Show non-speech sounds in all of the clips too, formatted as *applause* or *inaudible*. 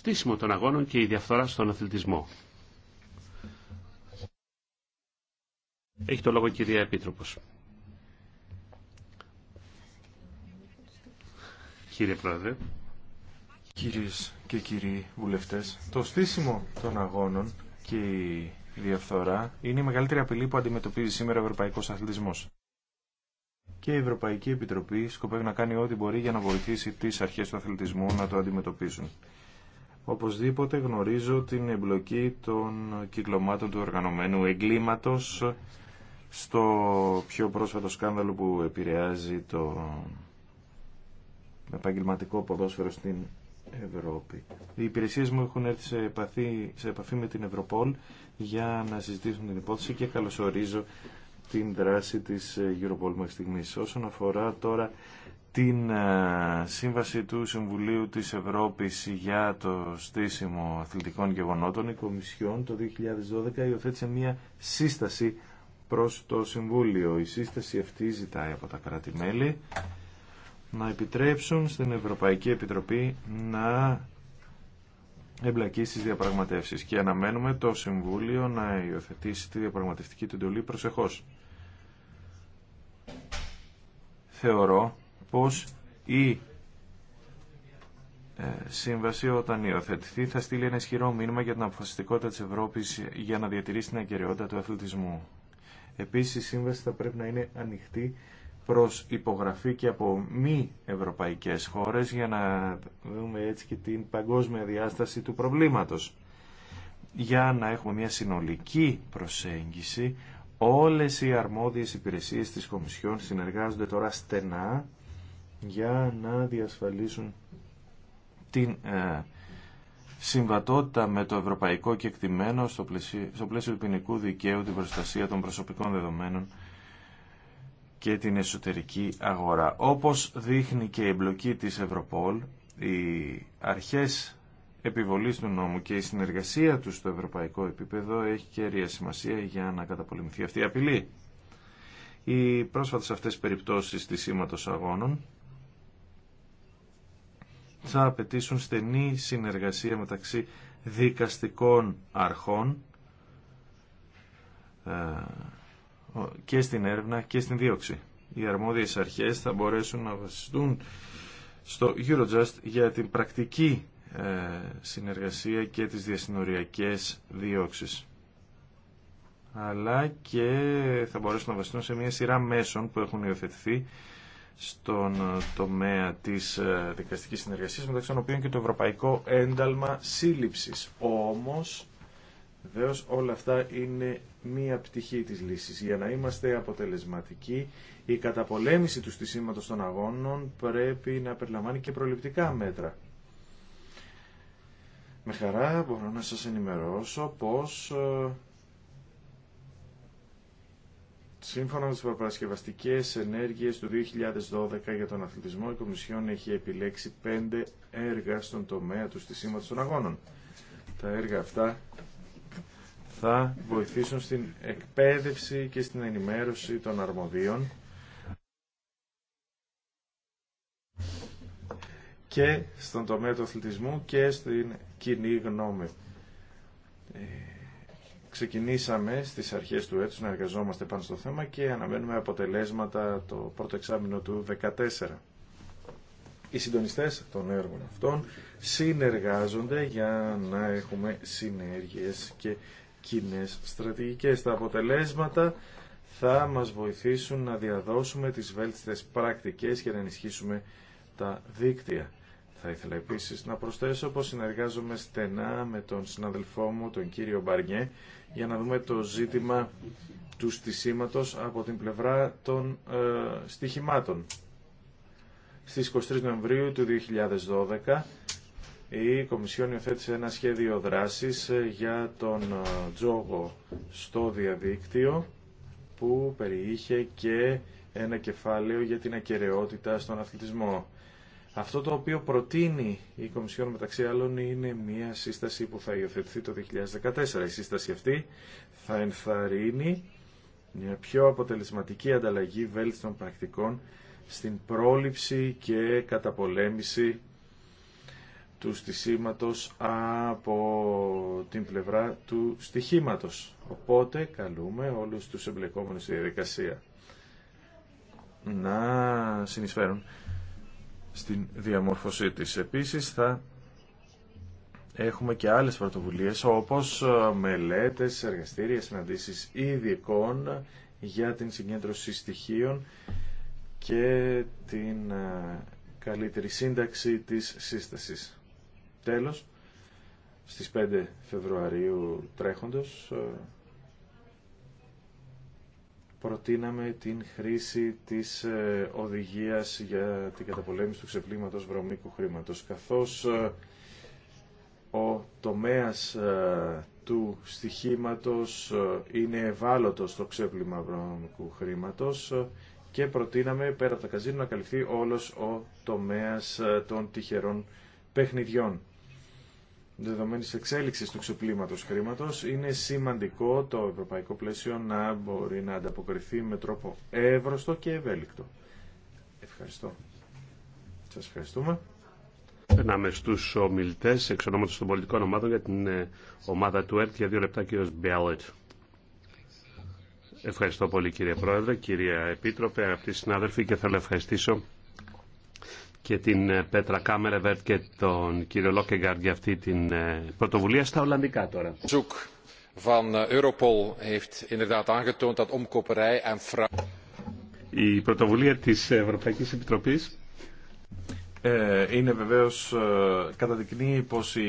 στήσιμο των αγώνων και η διαφθορά στον αθλητισμό. Έχει το λόγο η κυρία Επίτροπος. Κύριε Πρόεδρε. Κυρίες και κύριοι βουλευτές, το στήσιμο των αγώνων και η διαφθορά είναι η μεγαλύτερη απειλή που αντιμετωπίζει σήμερα ο ευρωπαϊκός αθλητισμός. Και η Ευρωπαϊκή Επιτροπή σκοπεύει να κάνει ό,τι μπορεί για να βοηθήσει τις αρχές του αθλητισμού να το αντιμετωπίσουν. Οπωσδήποτε γνωρίζω την εμπλοκή των κυκλωμάτων του οργανωμένου εγκλήματος στο πιο πρόσφατο σκάνδαλο που επηρεάζει το επαγγελματικό ποδόσφαιρο στην Ευρώπη. Οι υπηρεσίε μου έχουν έρθει σε επαφή, με την Ευρωπόλ για να συζητήσουν την υπόθεση και καλωσορίζω την δράση της Europol μέχρι στιγμής. Όσον αφορά τώρα την ε, σύμβαση του Συμβουλίου της Ευρώπης για το στήσιμο αθλητικών γεγονότων, η Κομισιόν το 2012 υιοθέτησε μία σύσταση προς το Συμβούλιο. Η σύσταση αυτή ζητάει από τα κράτη-μέλη να επιτρέψουν στην Ευρωπαϊκή Επιτροπή να εμπλακεί στις διαπραγματεύσεις και αναμένουμε το Συμβούλιο να υιοθετήσει τη διαπραγματευτική του εντολή προσεχώς. Θεωρώ πως η ε, σύμβαση όταν υιοθετηθεί θα στείλει ένα ισχυρό μήνυμα για την αποφασιστικότητα της Ευρώπης για να διατηρήσει την αγκαιριότητα του αθλητισμού. Επίσης η σύμβαση θα πρέπει να είναι ανοιχτή προς υπογραφή και από μη ευρωπαϊκές χώρες για να δούμε έτσι και την παγκόσμια διάσταση του προβλήματος. Για να έχουμε μια συνολική προσέγγιση όλες οι αρμόδιες υπηρεσίες της Κομισιόν συνεργάζονται τώρα στενά για να διασφαλίσουν την ε, συμβατότητα με το ευρωπαϊκό κεκτημένο στο πλαίσιο, στο πλαίσιο του ποινικού δικαίου, την προστασία των προσωπικών δεδομένων και την εσωτερική αγορά. Όπως δείχνει και η εμπλοκή της Ευρωπόλ, οι αρχές επιβολής του νόμου και η συνεργασία του στο ευρωπαϊκό επίπεδο έχει κέρια σημασία για να καταπολεμηθεί αυτή η απειλή. Οι πρόσφατες αυτές περιπτώσεις της σήματος αγώνων θα απαιτήσουν στενή συνεργασία μεταξύ δικαστικών αρχών ε, και στην έρευνα και στην δίωξη. Οι αρμόδιες αρχές θα μπορέσουν να βασιστούν στο Eurojust για την πρακτική ε, συνεργασία και τις διασυνοριακές διώξεις. Αλλά και θα μπορέσουν να βασιστούν σε μια σειρά μέσων που έχουν υιοθετηθεί στον τομέα της ε, δικαστικής συνεργασίας μεταξύ των οποίων και το Ευρωπαϊκό Ένταλμα Σύλληψης. Όμως, βεβαίω όλα αυτά είναι μία πτυχή της λύσης. Για να είμαστε αποτελεσματικοί, η καταπολέμηση του στισίματος των αγώνων πρέπει να περιλαμβάνει και προληπτικά μέτρα. Με χαρά μπορώ να σας ενημερώσω πως ε, Σύμφωνα με τι προπαρασκευαστικέ ενέργειες του 2012 για τον αθλητισμό, η Κομισιόν έχει επιλέξει πέντε έργα στον τομέα του στισήματο των αγώνων. Τα έργα αυτά θα βοηθήσουν στην εκπαίδευση και στην ενημέρωση των αρμοδίων και στον τομέα του αθλητισμού και στην κοινή γνώμη. Ε, Ξεκινήσαμε στις αρχές του έτους να εργαζόμαστε πάνω στο θέμα και αναμένουμε αποτελέσματα το πρώτο εξάμεινο του 2014. Οι συντονιστές των έργων αυτών συνεργάζονται για να έχουμε συνέργειες και κοινέ στρατηγικές. Τα αποτελέσματα θα μας βοηθήσουν να διαδώσουμε τις βέλτιστες πρακτικές και να ενισχύσουμε τα δίκτυα. Θα ήθελα επίση να προσθέσω πω συνεργάζομαι στενά με τον συναδελφό μου, τον κύριο Μπαρνιέ, για να δούμε το ζήτημα του στισίματος από την πλευρά των ε, στοιχημάτων. Στις 23 Νοεμβρίου του 2012 η Κομισιόν υιοθέτησε ένα σχέδιο δράσης ε, για τον ε, τζόγο στο διαδίκτυο που περιείχε και ένα κεφάλαιο για την ακαιρεότητα στον αθλητισμό. Αυτό το οποίο προτείνει η Κομισιόν μεταξύ άλλων είναι μια σύσταση που θα υιοθετηθεί το 2014. Η σύσταση αυτή θα ενθαρρύνει μια πιο αποτελεσματική ανταλλαγή βέλτιστων πρακτικών στην πρόληψη και καταπολέμηση του στισίματος από την πλευρά του στοιχήματος. Οπότε καλούμε όλους τους εμπλεκόμενους στη διαδικασία να συνεισφέρουν στην διαμόρφωσή της. Επίσης θα έχουμε και άλλες πρωτοβουλίες όπως ε, μελέτες, εργαστήρια, συναντήσεις ειδικών για την συγκέντρωση στοιχείων και την ε, καλύτερη σύνταξη της σύστασης. Τέλος, στις 5 Φεβρουαρίου τρέχοντος ε, προτείναμε την χρήση της ε, οδηγίας για την καταπολέμηση του ξεπλήματος βρωμίκου χρήματος, καθώς ε, ο τομέας ε, του στοιχήματος είναι ευάλωτο στο ξέπλυμα βρωμικού χρήματος και προτείναμε πέρα από τα καζίνο να καλυφθεί όλος ο τομέας των τυχερών παιχνιδιών δεδομένης εξέλιξη του ξεπλήματο χρήματο είναι σημαντικό το ευρωπαϊκό πλαίσιο να μπορεί να ανταποκριθεί με τρόπο εύρωστο και ευέλικτο. Ευχαριστώ. Σα ευχαριστούμε. Περνάμε στου ομιλητές εξ ονόματο των πολιτικών ομάδων για την ε, ομάδα του ΕΡΤ για δύο λεπτά κύριο Μπέλετ. Ευχαριστώ πολύ κύριε Πρόεδρε, κυρία Επίτροπε, αγαπητοί συνάδελφοι και θέλω να ευχαριστήσω και την ε, Πέτρα Κάμερεβερτ και τον κύριο Λόκεγκαρντ για αυτή την ε, πρωτοβουλία στα Ολλανδικά τώρα. Ε, η πρωτοβουλία της Ευρωπαϊκής Επιτροπής είναι βεβαίως καταδεικνύει πως η...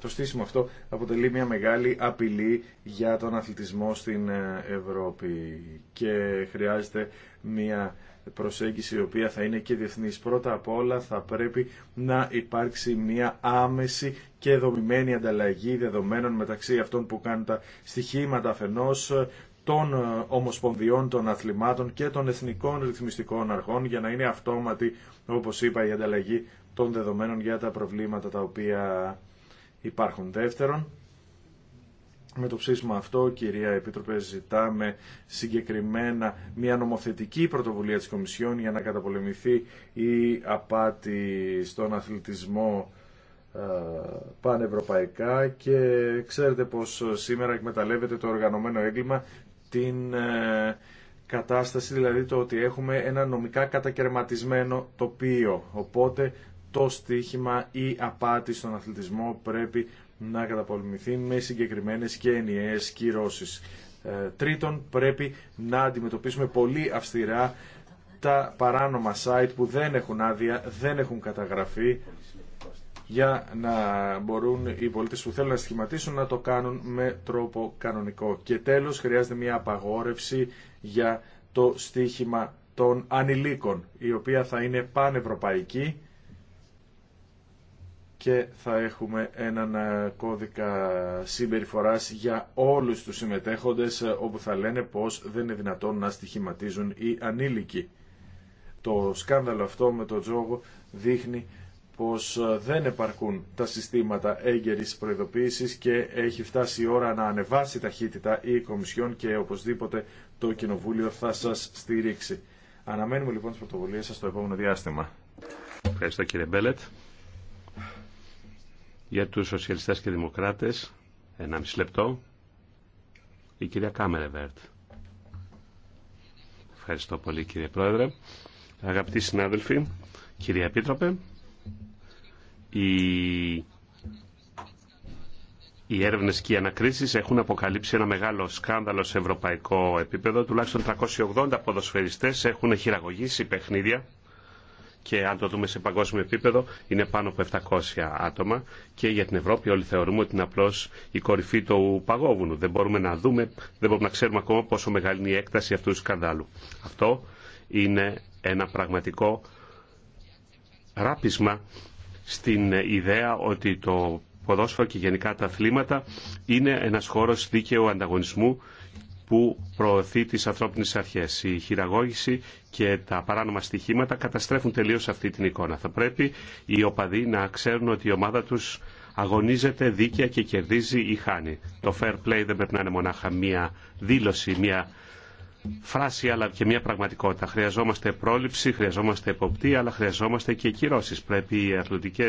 το στήσιμο αυτό αποτελεί μια μεγάλη απειλή για τον αθλητισμό στην Ευρώπη και χρειάζεται μια προσέγγιση η οποία θα είναι και διεθνής. Πρώτα απ' όλα θα πρέπει να υπάρξει μια άμεση και δομημένη ανταλλαγή δεδομένων μεταξύ αυτών που κάνουν τα στοιχήματα αφενός των ε, ομοσπονδιών, των αθλημάτων και των εθνικών ρυθμιστικών αρχών για να είναι αυτόματη, όπως είπα, η ανταλλαγή των δεδομένων για τα προβλήματα τα οποία υπάρχουν. Δεύτερον, με το ψήφισμα αυτό, κυρία Επίτροπε, ζητάμε συγκεκριμένα μια νομοθετική πρωτοβουλία της Κομισιόν για να καταπολεμηθεί η απάτη στον αθλητισμό ε, πανευρωπαϊκά και ξέρετε πως σήμερα εκμεταλλεύεται το οργανωμένο έγκλημα την ε, κατάσταση, δηλαδή το ότι έχουμε ένα νομικά κατακαιρματισμένο τοπίο. Οπότε το στίχημα ή απάτη στον αθλητισμό πρέπει να καταπολεμηθεί με συγκεκριμένες και ενιαίες κυρώσεις. Ε, τρίτον, πρέπει να αντιμετωπίσουμε πολύ αυστηρά τα παράνομα site που δεν έχουν άδεια, δεν έχουν καταγραφεί για να μπορούν οι πολίτες που θέλουν να σχηματίσουν να το κάνουν με τρόπο κανονικό. Και τέλος χρειάζεται μια απαγόρευση για το στίχημα των ανηλίκων, η οποία θα είναι πανευρωπαϊκή και θα έχουμε έναν ε, κώδικα συμπεριφοράς για όλους τους συμμετέχοντες ε, όπου θα λένε πως δεν είναι δυνατόν να στοιχηματίζουν οι ανήλικοι. Το σκάνδαλο αυτό με τον τζόγο δείχνει πως ε, δεν επαρκούν τα συστήματα έγκαιρης προειδοποίησης και έχει φτάσει η ώρα να ανεβάσει ταχύτητα η Κομισιόν και οπωσδήποτε το Κοινοβούλιο θα σας στηρίξει. Αναμένουμε λοιπόν τις πρωτοβουλίες σας στο επόμενο διάστημα. Ευχαριστώ κύριε Μπέλετ. Για τους σοσιαλιστές και δημοκράτες, μισή λεπτό, η κυρία Κάμερεβέρτ. Ευχαριστώ πολύ κύριε Πρόεδρε. Αγαπητοί συνάδελφοι, κυρία Επίτροπε, οι έρευνε και οι ανακρίσει έχουν αποκαλύψει ένα μεγάλο σκάνδαλο σε ευρωπαϊκό επίπεδο. Τουλάχιστον 380 ποδοσφαιριστές έχουν χειραγωγήσει παιχνίδια και αν το δούμε σε παγκόσμιο επίπεδο είναι πάνω από 700 άτομα και για την Ευρώπη όλοι θεωρούμε ότι είναι απλώς η κορυφή του παγόβουνου. Δεν μπορούμε να δούμε, δεν μπορούμε να ξέρουμε ακόμα πόσο μεγάλη είναι η έκταση αυτού του σκανδάλου. Αυτό είναι ένα πραγματικό ράπισμα στην ιδέα ότι το ποδόσφαιρο και γενικά τα αθλήματα είναι ένας χώρος δίκαιου ανταγωνισμού που προωθεί τις ανθρώπινες αρχές. Η χειραγώγηση και τα παράνομα στοιχήματα καταστρέφουν τελείως αυτή την εικόνα. Θα πρέπει οι οπαδοί να ξέρουν ότι η ομάδα τους αγωνίζεται δίκαια και κερδίζει ή χάνει. Το fair play δεν πρέπει να είναι μονάχα μία δήλωση, μία φράση αλλά και μια πραγματικότητα. Χρειαζόμαστε πρόληψη, χρειαζόμαστε εποπτεία, αλλά χρειαζόμαστε και κυρώσει. Πρέπει οι Αθλητικέ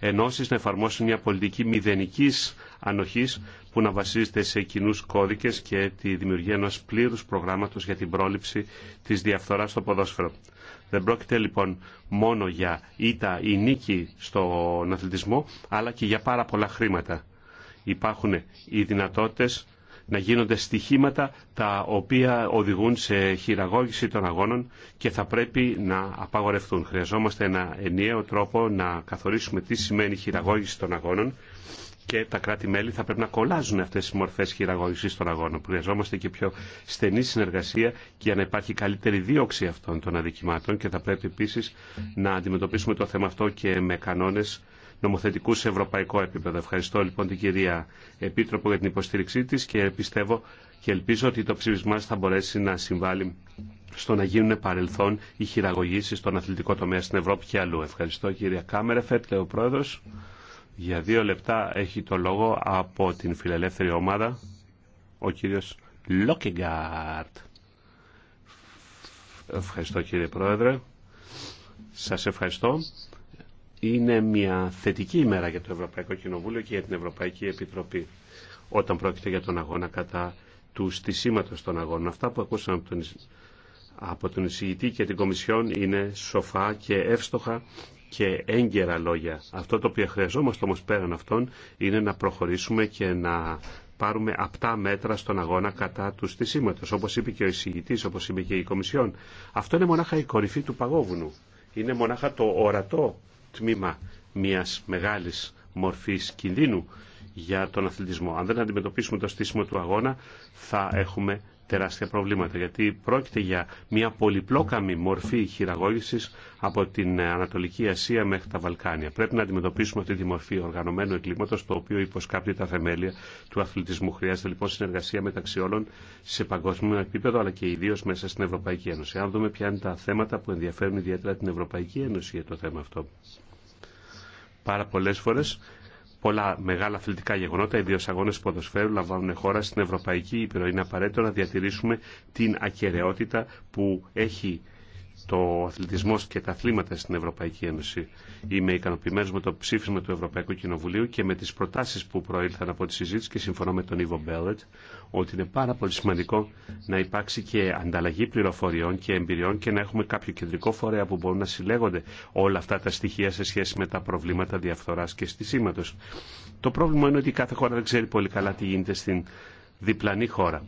ενώσει να εφαρμόσουν μια πολιτική μηδενική ανοχή που να βασίζεται σε κοινού κώδικε και τη δημιουργία ενό πλήρου προγράμματο για την πρόληψη τη διαφθορά στο ποδόσφαιρο. Δεν πρόκειται λοιπόν μόνο για ήττα ή νίκη στον αθλητισμό, αλλά και για πάρα πολλά χρήματα. Υπάρχουν οι δυνατότητε να γίνονται στοιχήματα τα οποία οδηγούν σε χειραγώγηση των αγώνων και θα πρέπει να απαγορευτούν. Χρειαζόμαστε ένα ενιαίο τρόπο να καθορίσουμε τι σημαίνει χειραγώγηση των αγώνων και τα κράτη-μέλη θα πρέπει να κολλάζουν αυτέ τι μορφέ χειραγώγηση των αγώνων. Χρειαζόμαστε και πιο στενή συνεργασία για να υπάρχει καλύτερη δίωξη αυτών των αδικημάτων και θα πρέπει επίση να αντιμετωπίσουμε το θέμα αυτό και με κανόνε νομοθετικού σε ευρωπαϊκό επίπεδο. Ευχαριστώ λοιπόν την κυρία Επίτροπο για την υποστήριξή της και πιστεύω και ελπίζω ότι το ψήφισμά θα μπορέσει να συμβάλλει στο να γίνουν παρελθόν οι χειραγωγήσει στον αθλητικό τομέα στην Ευρώπη και αλλού. Ευχαριστώ κυρία Κάμερεφετ, λέει ο πρόεδρο. Για δύο λεπτά έχει το λόγο από την φιλελεύθερη ομάδα ο κύριος Λόκεγκάρτ. Ευχαριστώ κύριε Πρόεδρε. Σας ευχαριστώ είναι μια θετική ημέρα για το Ευρωπαϊκό Κοινοβούλιο και για την Ευρωπαϊκή Επιτροπή όταν πρόκειται για τον αγώνα κατά του στισίματος των αγώνων. Αυτά που ακούσαμε από τον, από τον εισηγητή και την Κομισιόν είναι σοφά και εύστοχα και έγκαιρα λόγια. Αυτό το οποίο χρειαζόμαστε όμως πέραν αυτών είναι να προχωρήσουμε και να πάρουμε απτά μέτρα στον αγώνα κατά του στισίματος, όπως είπε και ο εισηγητής, όπως είπε και η Κομισιόν. Αυτό είναι μονάχα η κορυφή του παγόβουνου. Είναι μονάχα το ορατό τμήμα μιας μεγάλης μορφής κινδύνου για τον αθλητισμό. Αν δεν αντιμετωπίσουμε το στήσιμο του αγώνα θα έχουμε τεράστια προβλήματα γιατί πρόκειται για μια πολυπλόκαμη μορφή χειραγώγησης από την Ανατολική Ασία μέχρι τα Βαλκάνια. Πρέπει να αντιμετωπίσουμε αυτή τη μορφή οργανωμένου εγκλήματο, το οποίο υποσκάπτει τα θεμέλια του αθλητισμού. Χρειάζεται λοιπόν συνεργασία μεταξύ όλων σε παγκόσμιο επίπεδο αλλά και ιδίω μέσα στην Ευρωπαϊκή Ένωση. Αν δούμε ποια είναι τα θέματα που ενδιαφέρουν ιδιαίτερα την Ευρωπαϊκή Ένωση για το θέμα αυτό. Πάρα πολλέ φορέ. Πολλά μεγάλα αθλητικά γεγονότα, ιδίω αγώνε ποδοσφαίρου, λαμβάνουν χώρα στην Ευρωπαϊκή Ήπειρο. Είναι απαραίτητο να διατηρήσουμε την ακαιρεότητα που έχει το αθλητισμό και τα αθλήματα στην Ευρωπαϊκή Ένωση. Είμαι ικανοποιημένο με το ψήφισμα του Ευρωπαϊκού Κοινοβουλίου και με τι προτάσει που προήλθαν από τη συζήτηση και συμφωνώ με τον Ιβο Μπέλετ ότι είναι πάρα πολύ σημαντικό να υπάρξει και ανταλλαγή πληροφοριών και εμπειριών και να έχουμε κάποιο κεντρικό φορέα που μπορούν να συλλέγονται όλα αυτά τα στοιχεία σε σχέση με τα προβλήματα διαφθορά και στισήματο. Το πρόβλημα είναι ότι κάθε χώρα δεν ξέρει πολύ καλά τι γίνεται στην διπλανή χώρα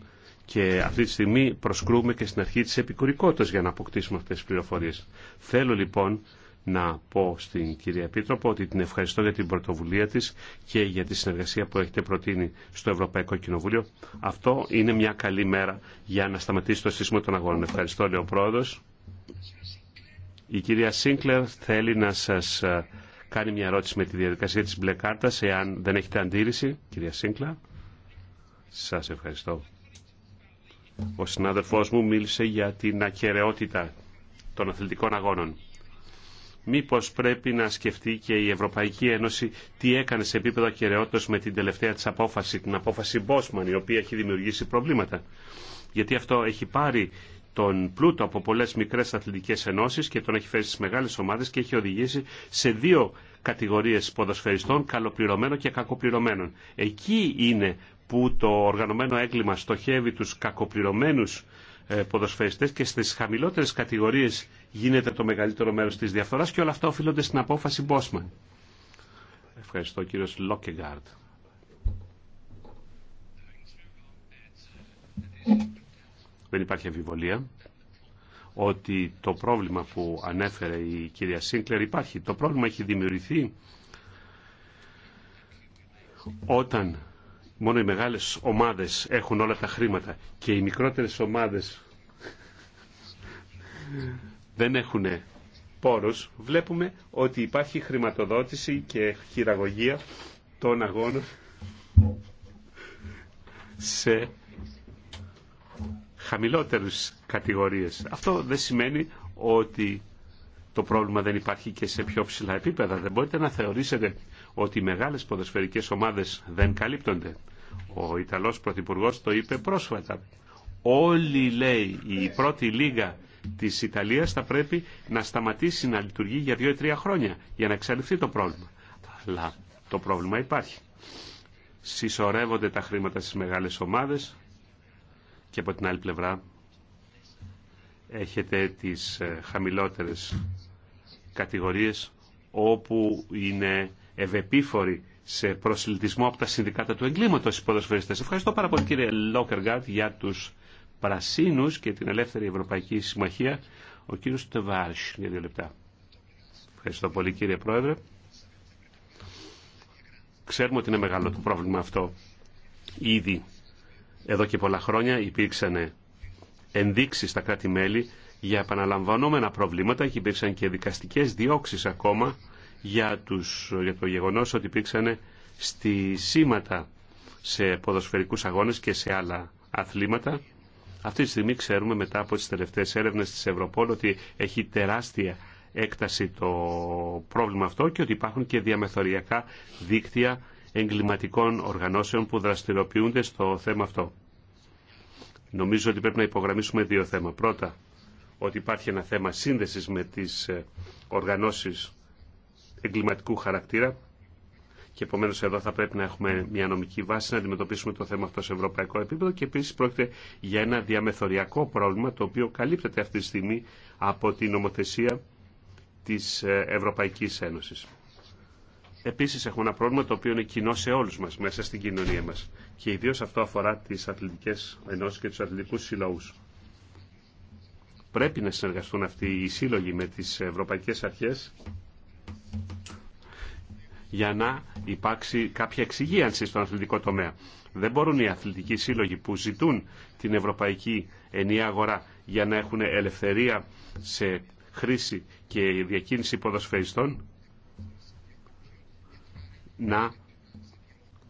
και αυτή τη στιγμή προσκρούμε και στην αρχή της επικουρικότητας για να αποκτήσουμε αυτές τις πληροφορίες. Θέλω λοιπόν να πω στην κυρία Επίτροπο ότι την ευχαριστώ για την πρωτοβουλία της και για τη συνεργασία που έχετε προτείνει στο Ευρωπαϊκό Κοινοβούλιο. Αυτό είναι μια καλή μέρα για να σταματήσει το σύστημα των αγώνων. Ευχαριστώ, λέει ο Η κυρία Σίνκλερ θέλει να σας ε, κάνει μια ερώτηση με τη διαδικασία της μπλε κάρτας, εάν δεν έχετε αντίρρηση. Κυρία Σίνκλερ, σας ευχαριστώ. Ο συνάδελφός μου μίλησε για την ακαιρεότητα των αθλητικών αγώνων. Μήπως πρέπει να σκεφτεί και η Ευρωπαϊκή Ένωση τι έκανε σε επίπεδο ακαιρεότητας με την τελευταία της απόφαση, την απόφαση Μπόσμαν, η οποία έχει δημιουργήσει προβλήματα. Γιατί αυτό έχει πάρει τον πλούτο από πολλές μικρές αθλητικές ενώσεις και τον έχει φέρει στις μεγάλες ομάδες και έχει οδηγήσει σε δύο κατηγορίες ποδοσφαιριστών, καλοπληρωμένων και κακοπληρωμένων. Εκεί είναι που το οργανωμένο έγκλημα στοχεύει τους κακοπληρωμένους ε, ποδοσφαιριστές και στις χαμηλότερες κατηγορίες γίνεται το μεγαλύτερο μέρος της διαφθοράς και όλα αυτά οφείλονται στην απόφαση Μπόσμαν. Ευχαριστώ κύριος Λόκεγκάρτ. Δεν υπάρχει αμφιβολία ότι το πρόβλημα που ανέφερε η κυρία Σίνκλερ υπάρχει. Το πρόβλημα έχει δημιουργηθεί όταν μόνο οι μεγάλες ομάδες έχουν όλα τα χρήματα και οι μικρότερες ομάδες δεν έχουν πόρους, βλέπουμε ότι υπάρχει χρηματοδότηση και χειραγωγία των αγώνων σε χαμηλότερες κατηγορίες. Αυτό δεν σημαίνει ότι το πρόβλημα δεν υπάρχει και σε πιο ψηλά επίπεδα. Δεν μπορείτε να θεωρήσετε ότι οι μεγάλες ποδοσφαιρικές ομάδες δεν καλύπτονται. Ο Ιταλός Πρωθυπουργό το είπε πρόσφατα. Όλη λέει η πρώτη λίγα της Ιταλίας θα πρέπει να σταματήσει να λειτουργεί για δύο ή τρία χρόνια για να εξαλειφθεί το πρόβλημα. Αλλά το πρόβλημα υπάρχει. Συσσωρεύονται τα χρήματα στις μεγάλες ομάδες και από την άλλη πλευρά έχετε τις ε, χαμηλότερες κατηγορίες όπου είναι ευεπίφοροι σε προσελητισμό από τα συνδικάτα του εγκλήματος οι ποδοσφαιριστές. Ευχαριστώ πάρα πολύ κύριε Λόκεργαρτ για τους Πρασίνους και την Ελεύθερη Ευρωπαϊκή Συμμαχία. Ο κύριος Τεβάρσ, για δύο λεπτά. Ευχαριστώ πολύ κύριε Πρόεδρε. Ξέρουμε ότι είναι μεγάλο το πρόβλημα αυτό. Ήδη εδώ και πολλά χρόνια υπήρξαν ενδείξεις στα κράτη-μέλη για επαναλαμβανόμενα προβλήματα και υπήρξαν και δικαστικές διώξεις ακόμα για, τους, για το γεγονός ότι υπήρξαν στη σήματα σε ποδοσφαιρικούς αγώνες και σε άλλα αθλήματα. Αυτή τη στιγμή ξέρουμε μετά από τις τελευταίες έρευνες της Ευρωπόλ ότι έχει τεράστια έκταση το πρόβλημα αυτό και ότι υπάρχουν και διαμεθοριακά δίκτυα εγκληματικών οργανώσεων που δραστηριοποιούνται στο θέμα αυτό. Νομίζω ότι πρέπει να υπογραμμίσουμε δύο θέματα. Πρώτα, ότι υπάρχει ένα θέμα σύνδεσης με τις ε, οργανώσεις εγκληματικού χαρακτήρα και επομένως εδώ θα πρέπει να έχουμε μια νομική βάση να αντιμετωπίσουμε το θέμα αυτό σε ευρωπαϊκό επίπεδο και επίσης πρόκειται για ένα διαμεθοριακό πρόβλημα το οποίο καλύπτεται αυτή τη στιγμή από την νομοθεσία της ε, Ευρωπαϊκής Ένωσης. Επίσης έχουμε ένα πρόβλημα το οποίο είναι κοινό σε όλους μας μέσα στην κοινωνία μας και ιδίως αυτό αφορά τις αθλητικές ενώσεις και τους αθλητικούς συλλόγους. Πρέπει να συνεργαστούν αυτοί οι σύλλογοι με τις ευρωπαϊκές αρχές για να υπάρξει κάποια εξυγίανση στον αθλητικό τομέα. Δεν μπορούν οι αθλητικοί σύλλογοι που ζητούν την ευρωπαϊκή ενιαία αγορά για να έχουν ελευθερία σε χρήση και διακίνηση ποδοσφαιριστών να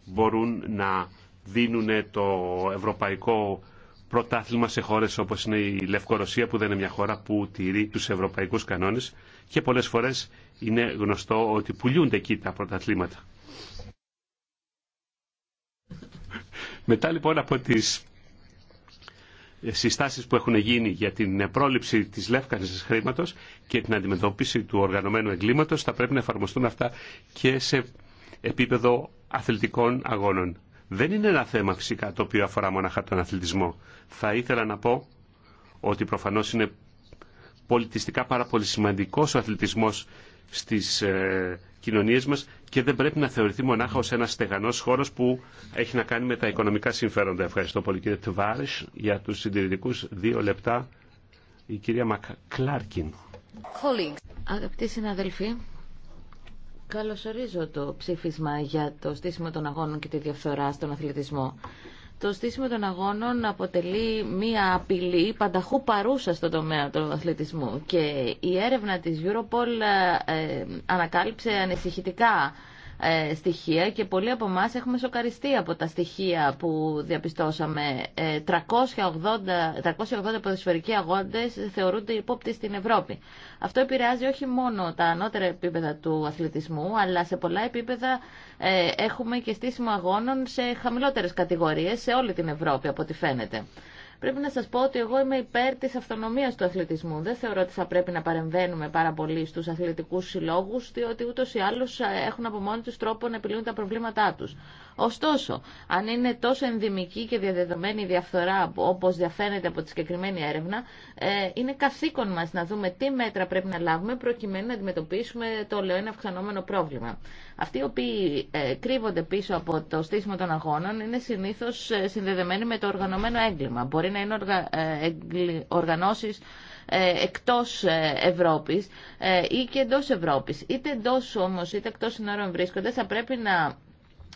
μπορούν να δίνουν το ευρωπαϊκό πρωτάθλημα σε χώρες όπως είναι η Λευκορωσία που δεν είναι μια χώρα που τηρεί τους ευρωπαϊκούς κανόνες και πολλές φορές είναι γνωστό ότι πουλιούνται εκεί τα πρωταθλήματα. Μετά λοιπόν από τις συστάσεις που έχουν γίνει για την πρόληψη της λεύκανης χρήματος και την αντιμετώπιση του οργανωμένου εγκλήματος θα πρέπει να εφαρμοστούν αυτά και σε επίπεδο αθλητικών αγώνων. Δεν είναι ένα θέμα φυσικά το οποίο αφορά μοναχά τον αθλητισμό. Θα ήθελα να πω ότι προφανώς είναι πολιτιστικά πάρα πολύ σημαντικός ο αθλητισμός στις ε, κοινωνίες μας και δεν πρέπει να θεωρηθεί μονάχα ως ένας στεγανός χώρος που έχει να κάνει με τα οικονομικά συμφέροντα. Ευχαριστώ πολύ κύριε για τους συντηρητικούς δύο λεπτά. Η κυρία Μακκλάρκιν. Αγαπητοί συναδελφοί, καλωσορίζω το ψήφισμα για το στήσιμο των αγώνων και τη διαφθορά στον αθλητισμό το στήσιμο των αγώνων αποτελεί μία απειλή πανταχού παρούσα στον τομέα του αθλητισμού και η έρευνα της Europol ε, ε, ανακάλυψε ανησυχητικά ε, στοιχεία και πολλοί από εμά έχουμε σοκαριστεί από τα στοιχεία που διαπιστώσαμε. 380, ε, 380 ποδοσφαιρικοί αγώντε θεωρούνται υπόπτη στην Ευρώπη. Αυτό επηρεάζει όχι μόνο τα ανώτερα επίπεδα του αθλητισμού, αλλά σε πολλά επίπεδα ε, έχουμε και στήσιμο αγώνων σε χαμηλότερες κατηγορίες σε όλη την Ευρώπη από ό,τι φαίνεται. Πρέπει να σας πω ότι εγώ είμαι υπέρ της αυτονομίας του αθλητισμού. Δεν θεωρώ ότι θα πρέπει να παρεμβαίνουμε πάρα πολύ στους αθλητικούς συλλόγους, διότι ούτως ή άλλως έχουν από μόνοι τους τρόπο να επιλύουν τα προβλήματά τους. Ωστόσο, αν είναι τόσο ενδημική και διαδεδομένη η διαφθορά όπως διαφαίνεται από τη συγκεκριμένη έρευνα, ε, είναι καθήκον μας να δούμε τι μέτρα πρέπει να λάβουμε προκειμένου να αντιμετωπίσουμε το ένα αυξανόμενο πρόβλημα. Αυτοί οι οποίοι ε, κρύβονται πίσω από το στήσιμο των αγώνων είναι συνήθως ε, συνδεδεμένοι με το οργανωμένο έγκλημα. Μπορεί να είναι οργα... οργανώσεις εκτός Ευρώπης ή και εντός Ευρώπης. Είτε εντός όμως είτε εκτός συνόρων βρίσκονται θα πρέπει να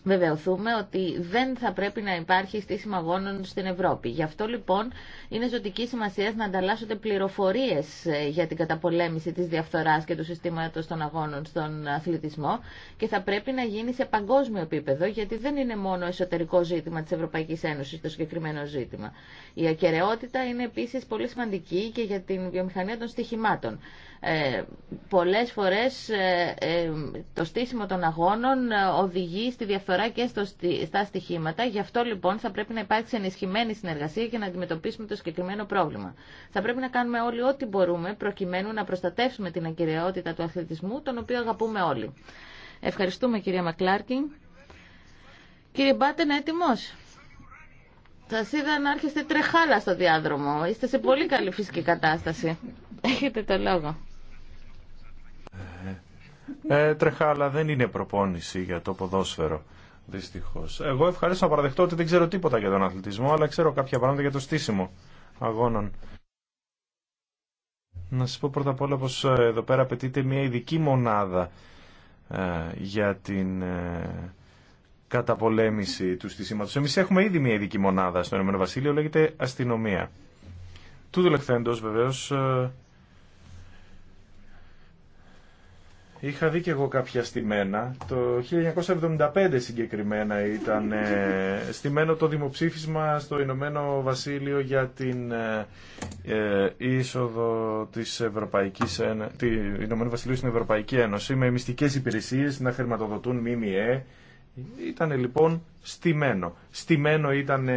βεβαιωθούμε ότι δεν θα πρέπει να υπάρχει στήσιμο αγώνων στην Ευρώπη. Γι' αυτό λοιπόν είναι ζωτική σημασία να ανταλλάσσονται πληροφορίε ε, για την καταπολέμηση τη διαφθορά και του συστήματο των αγώνων στον αθλητισμό και θα πρέπει να γίνει σε παγκόσμιο επίπεδο, γιατί δεν είναι μόνο εσωτερικό ζήτημα τη Ευρωπαϊκή Ένωση το συγκεκριμένο ζήτημα. Η ακαιρεότητα είναι επίση πολύ σημαντική και για την βιομηχανία των στοιχημάτων. Ε, πολλές φορές ε, ε, το στήσιμο των αγώνων ε, οδηγεί στη διαφθορά και στο, στα στοιχήματα. Γι' αυτό λοιπόν θα πρέπει να υπάρξει ενισχυμένη συνεργασία για να αντιμετωπίσουμε το συγκεκριμένο πρόβλημα. Θα πρέπει να κάνουμε όλοι ό,τι μπορούμε προκειμένου να προστατεύσουμε την ακυρεότητα του αθλητισμού, τον οποίο αγαπούμε όλοι. Ευχαριστούμε κυρία Μακλάρκιν. Κύριε Μπάτεν, έτοιμος. Σα είδα να έρχεστε τρεχάλα στο διάδρομο. Είστε σε πολύ καλή φυσική κατάσταση. Έχετε το λόγο. Ε, ε, Τρεχάλα αλλά δεν είναι προπόνηση για το ποδόσφαιρο. Δυστυχώ. Εγώ ευχαρίστω να παραδεχτώ ότι δεν ξέρω τίποτα για τον αθλητισμό, αλλά ξέρω κάποια πράγματα για το στήσιμο αγώνων. Να σας πω πρώτα απ' όλα πω ε, εδώ πέρα απαιτείται μια ειδική μονάδα για την καταπολέμηση του στήσιματο. Εμείς έχουμε ήδη μια ειδική μονάδα στο Ηνωμένο Βασίλειο, λέγεται αστυνομία. Τούτου λεχθέντος βεβαίως Είχα δει και εγώ κάποια στημένα. Το 1975 συγκεκριμένα ήταν ε, στημένο το δημοψήφισμα στο Ηνωμένο Βασίλειο για την ε, ε, είσοδο της Ευρωπαϊκής Ένωσης, στην Ευρωπαϊκή Ένωση με μυστικές υπηρεσίες να χρηματοδοτούν ΜΜΕ ήταν λοιπόν στημένο. Στημένο ήταν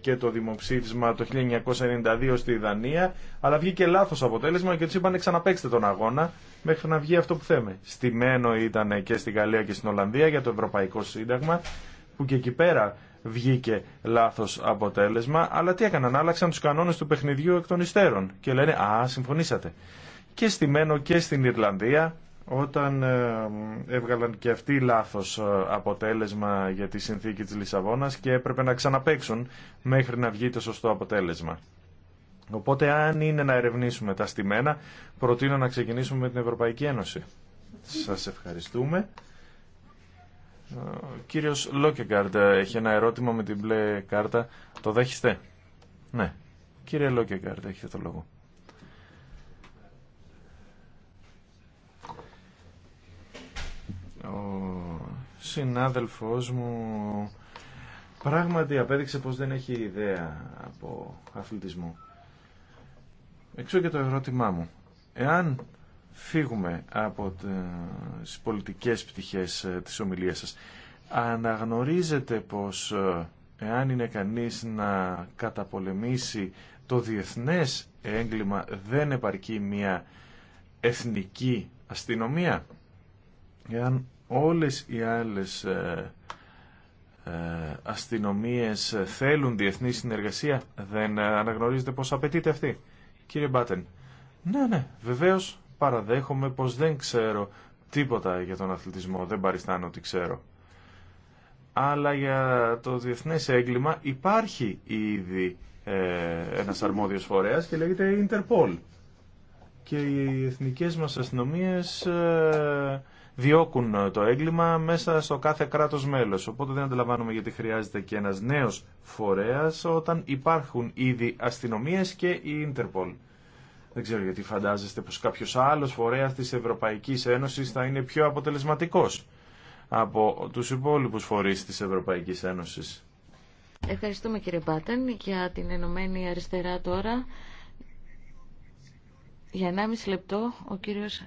και το δημοψήφισμα το 1992 στη Δανία, αλλά βγήκε λάθος αποτέλεσμα και τους είπαν ξαναπαίξτε τον αγώνα μέχρι να βγει αυτό που θέμε. Στημένο ήταν και στην Γαλλία και στην Ολλανδία για το Ευρωπαϊκό Σύνταγμα, που και εκεί πέρα βγήκε λάθος αποτέλεσμα, αλλά τι έκαναν, άλλαξαν τους κανόνες του παιχνιδιού εκ των υστέρων και λένε «Α, συμφωνήσατε». Και στημένο και στην Ιρλανδία, όταν ε, έβγαλαν και αυτοί λάθος ε, αποτέλεσμα για τη συνθήκη της Λισαβόνας και έπρεπε να ξαναπαίξουν μέχρι να βγει το σωστό αποτέλεσμα. Οπότε αν είναι να ερευνήσουμε τα στημένα, προτείνω να ξεκινήσουμε με την Ευρωπαϊκή Ένωση. Σας ευχαριστούμε. Ο ε, κύριος Λόκεγκαρντ έχει ένα ερώτημα με την μπλε κάρτα. Το δέχεστε? Ναι. Κύριε Λόκεγκαρντ, έχετε το λόγο. Ο συνάδελφός μου πράγματι απέδειξε πως δεν έχει ιδέα από αθλητισμό. Εξώ και το ερώτημά μου. Εάν φύγουμε από τις πολιτικές πτυχές ε, της ομιλίας σας, αναγνωρίζετε πως ε, εάν είναι κανείς να καταπολεμήσει το διεθνές έγκλημα δεν επαρκεί μια εθνική αστυνομία. Εάν όλες οι άλλες ε, ε, αστυνομίες θέλουν διεθνή συνεργασία, δεν αναγνωρίζετε πώς απαιτείται αυτή. Κύριε Μπάτεν, ναι, ναι, βεβαίως παραδέχομαι πως δεν ξέρω τίποτα για τον αθλητισμό, δεν παριστάνω ότι ξέρω. Αλλά για το διεθνές έγκλημα υπάρχει ήδη ε, ένας αρμόδιος φορέας και λέγεται Ιντερπόλ. Και οι εθνικές μας αστυνομίες διώκουν ε, το έγκλημα μέσα στο κάθε κράτος μέλος. Οπότε δεν αντιλαμβάνομαι γιατί χρειάζεται και ένας νέος φορέας όταν υπάρχουν ήδη αστυνομίες και η Ιντερπολ. Δεν ξέρω γιατί φαντάζεστε πως κάποιος άλλος φορέας της Ευρωπαϊκής Ένωσης θα είναι πιο αποτελεσματικός από τους υπόλοιπους φορείς της Ευρωπαϊκής Ένωσης. Ευχαριστούμε κύριε Μπάτεν για την Ενωμένη Αριστερά τώρα. Για 1,5 λεπτό ο κύριος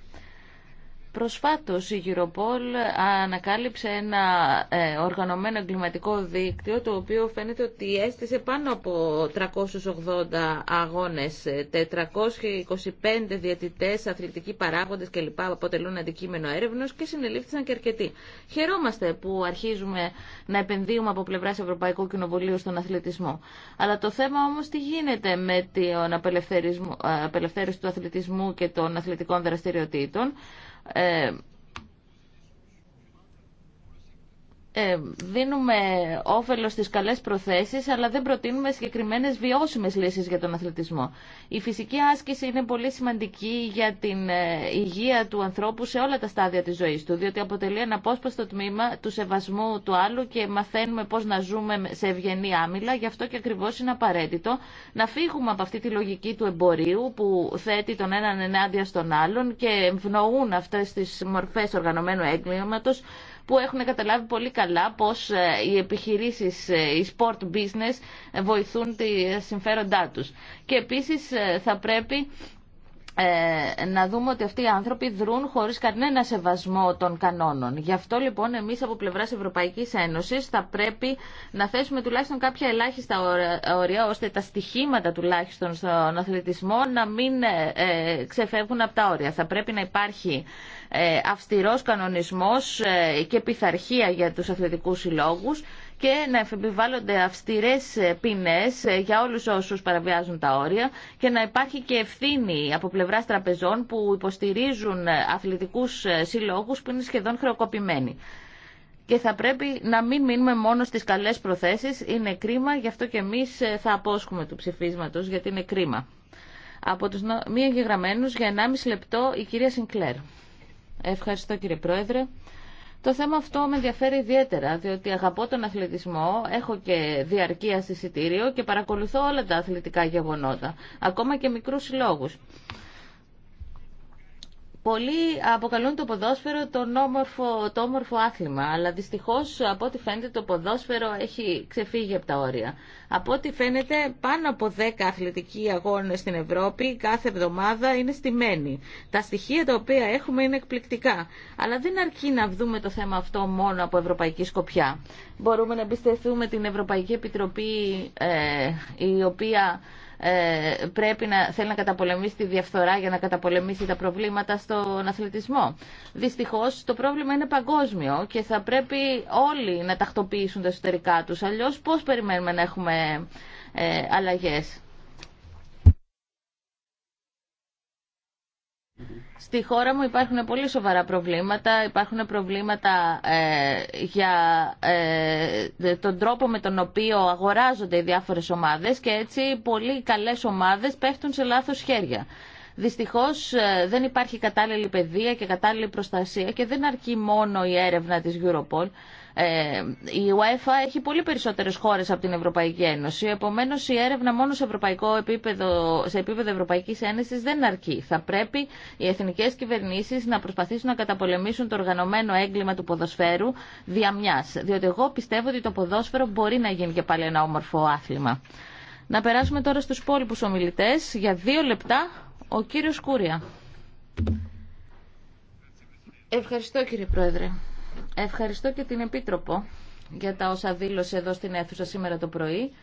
Προσφάτως η Europol ανακάλυψε ένα ε, οργανωμένο εγκληματικό δίκτυο το οποίο φαίνεται ότι έστησε πάνω από 380 αγώνες, 425 ε, διαιτητές, αθλητικοί παράγοντες κλπ. αποτελούν αντικείμενο έρευνος και συνελήφθησαν και αρκετοί. Χαιρόμαστε που αρχίζουμε να επενδύουμε από πλευράς Ευρωπαϊκού Κοινοβουλίου στον αθλητισμό. Αλλά το θέμα όμως τι γίνεται με την ε, απελευθέρωση του αθλητισμού και των αθλητικών δραστηριοτήτων ε, Ε, δίνουμε όφελο στις καλές προθέσεις αλλά δεν προτείνουμε συγκεκριμένες βιώσιμες λύσεις για τον αθλητισμό. Η φυσική άσκηση είναι πολύ σημαντική για την ε, υγεία του ανθρώπου σε όλα τα στάδια της ζωής του διότι αποτελεί ένα απόσπαστο τμήμα του σεβασμού του άλλου και μαθαίνουμε πώς να ζούμε σε ευγενή άμυλα γι' αυτό και ακριβώς είναι απαραίτητο να φύγουμε από αυτή τη λογική του εμπορίου που θέτει τον έναν ενάντια στον άλλον και ευνοούν αυτές τις μορφές οργανωμένου έγκληματος που έχουν καταλάβει πολύ καλά πώς ε, οι επιχειρήσεις, ε, οι sport business ε, βοηθούν τη συμφέροντά τους. Και επίσης θα πρέπει ε, να δούμε ότι αυτοί οι άνθρωποι δρούν χωρίς κανένα σεβασμό των κανόνων. Γι' αυτό λοιπόν εμείς από πλευράς Ευρωπαϊκής Ένωσης θα πρέπει να θέσουμε τουλάχιστον κάποια ελάχιστα όρια ώστε τα στοιχήματα τουλάχιστον στον αθλητισμό να μην ε, ε, ξεφεύγουν από τα όρια. Θα πρέπει να υπάρχει ε, αυστηρός κανονισμός ε, και πειθαρχία για τους αθλητικούς συλλόγους και να επιβάλλονται αυστηρέ ποινέ ε, για όλους όσους παραβιάζουν τα όρια και να υπάρχει και ευθύνη από πλευρά τραπεζών που υποστηρίζουν ε, αθλητικούς ε, συλλόγους που είναι σχεδόν χρεοκοπημένοι. Και θα πρέπει να μην μείνουμε μόνο στις καλές προθέσεις. Είναι κρίμα, γι' αυτό και εμείς θα απόσχουμε του ψηφίσματο, γιατί είναι κρίμα. Από τους μη εγγεγραμμένους, για 1,5 λεπτό, η κυρία Σινκλέρ. Ευχαριστώ κύριε Πρόεδρε. Το θέμα αυτό με ενδιαφέρει ιδιαίτερα, διότι αγαπώ τον αθλητισμό, έχω και διαρκεία εισιτήριο και παρακολουθώ όλα τα αθλητικά γεγονότα, ακόμα και μικρούς συλλόγους. Πολλοί αποκαλούν το ποδόσφαιρο το όμορφο, το όμορφο άθλημα, αλλά δυστυχώς από ό,τι φαίνεται το ποδόσφαιρο έχει ξεφύγει από τα όρια. Από ό,τι φαίνεται πάνω από 10 αθλητικοί αγώνες στην Ευρώπη κάθε εβδομάδα είναι στημένοι. Τα στοιχεία τα οποία έχουμε είναι εκπληκτικά, αλλά δεν αρκεί να δούμε το θέμα αυτό μόνο από ευρωπαϊκή σκοπιά. Μπορούμε να εμπιστευτούμε την Ευρωπαϊκή Επιτροπή ε, η οποία ε, πρέπει να θέλει να καταπολεμήσει τη διαφθορά για να καταπολεμήσει τα προβλήματα στον αθλητισμό. Δυστυχώς το πρόβλημα είναι παγκόσμιο και θα πρέπει όλοι να τακτοποιήσουν τα εσωτερικά τους. Αλλιώς πώς περιμένουμε να έχουμε ε, αλλαγές. Στη χώρα μου υπάρχουν πολύ σοβαρά προβλήματα. Υπάρχουν προβλήματα ε, για ε, τον τρόπο με τον οποίο αγοράζονται οι διάφορες ομάδες και έτσι πολύ καλές ομάδες πέφτουν σε λάθος χέρια. Δυστυχώς ε, δεν υπάρχει κατάλληλη παιδεία και κατάλληλη προστασία και δεν αρκεί μόνο η έρευνα της Europol. Ε, η UEFA έχει πολύ περισσότερες χώρες από την Ευρωπαϊκή Ένωση, επομένως η έρευνα μόνο σε ευρωπαϊκό επίπεδο, σε επίπεδο Ευρωπαϊκής Ένωσης δεν αρκεί. Θα πρέπει οι εθνικές κυβερνήσεις να προσπαθήσουν να καταπολεμήσουν το οργανωμένο έγκλημα του ποδοσφαίρου δια μιας, διότι εγώ πιστεύω ότι το ποδόσφαιρο μπορεί να γίνει και πάλι ένα όμορφο άθλημα. Να περάσουμε τώρα στους υπόλοιπου ομιλητές. Για δύο λεπτά, ο κύριος Κούρια. Ευχαριστώ κύριε Πρόεδρε. Ευχαριστώ και την Επίτροπο για τα όσα δήλωσε εδώ στην αίθουσα σήμερα το πρωί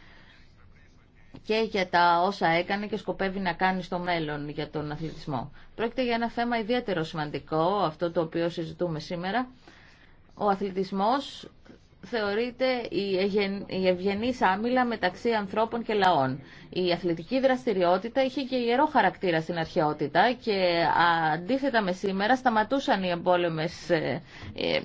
και για τα όσα έκανε και σκοπεύει να κάνει στο μέλλον για τον αθλητισμό. Πρόκειται για ένα θέμα ιδιαίτερο σημαντικό, αυτό το οποίο συζητούμε σήμερα. Ο αθλητισμός θεωρείται η ευγενής άμυλα μεταξύ ανθρώπων και λαών. Η αθλητική δραστηριότητα είχε και ιερό χαρακτήρα στην αρχαιότητα και αντίθετα με σήμερα σταματούσαν οι εμπόλεμες ε, ε,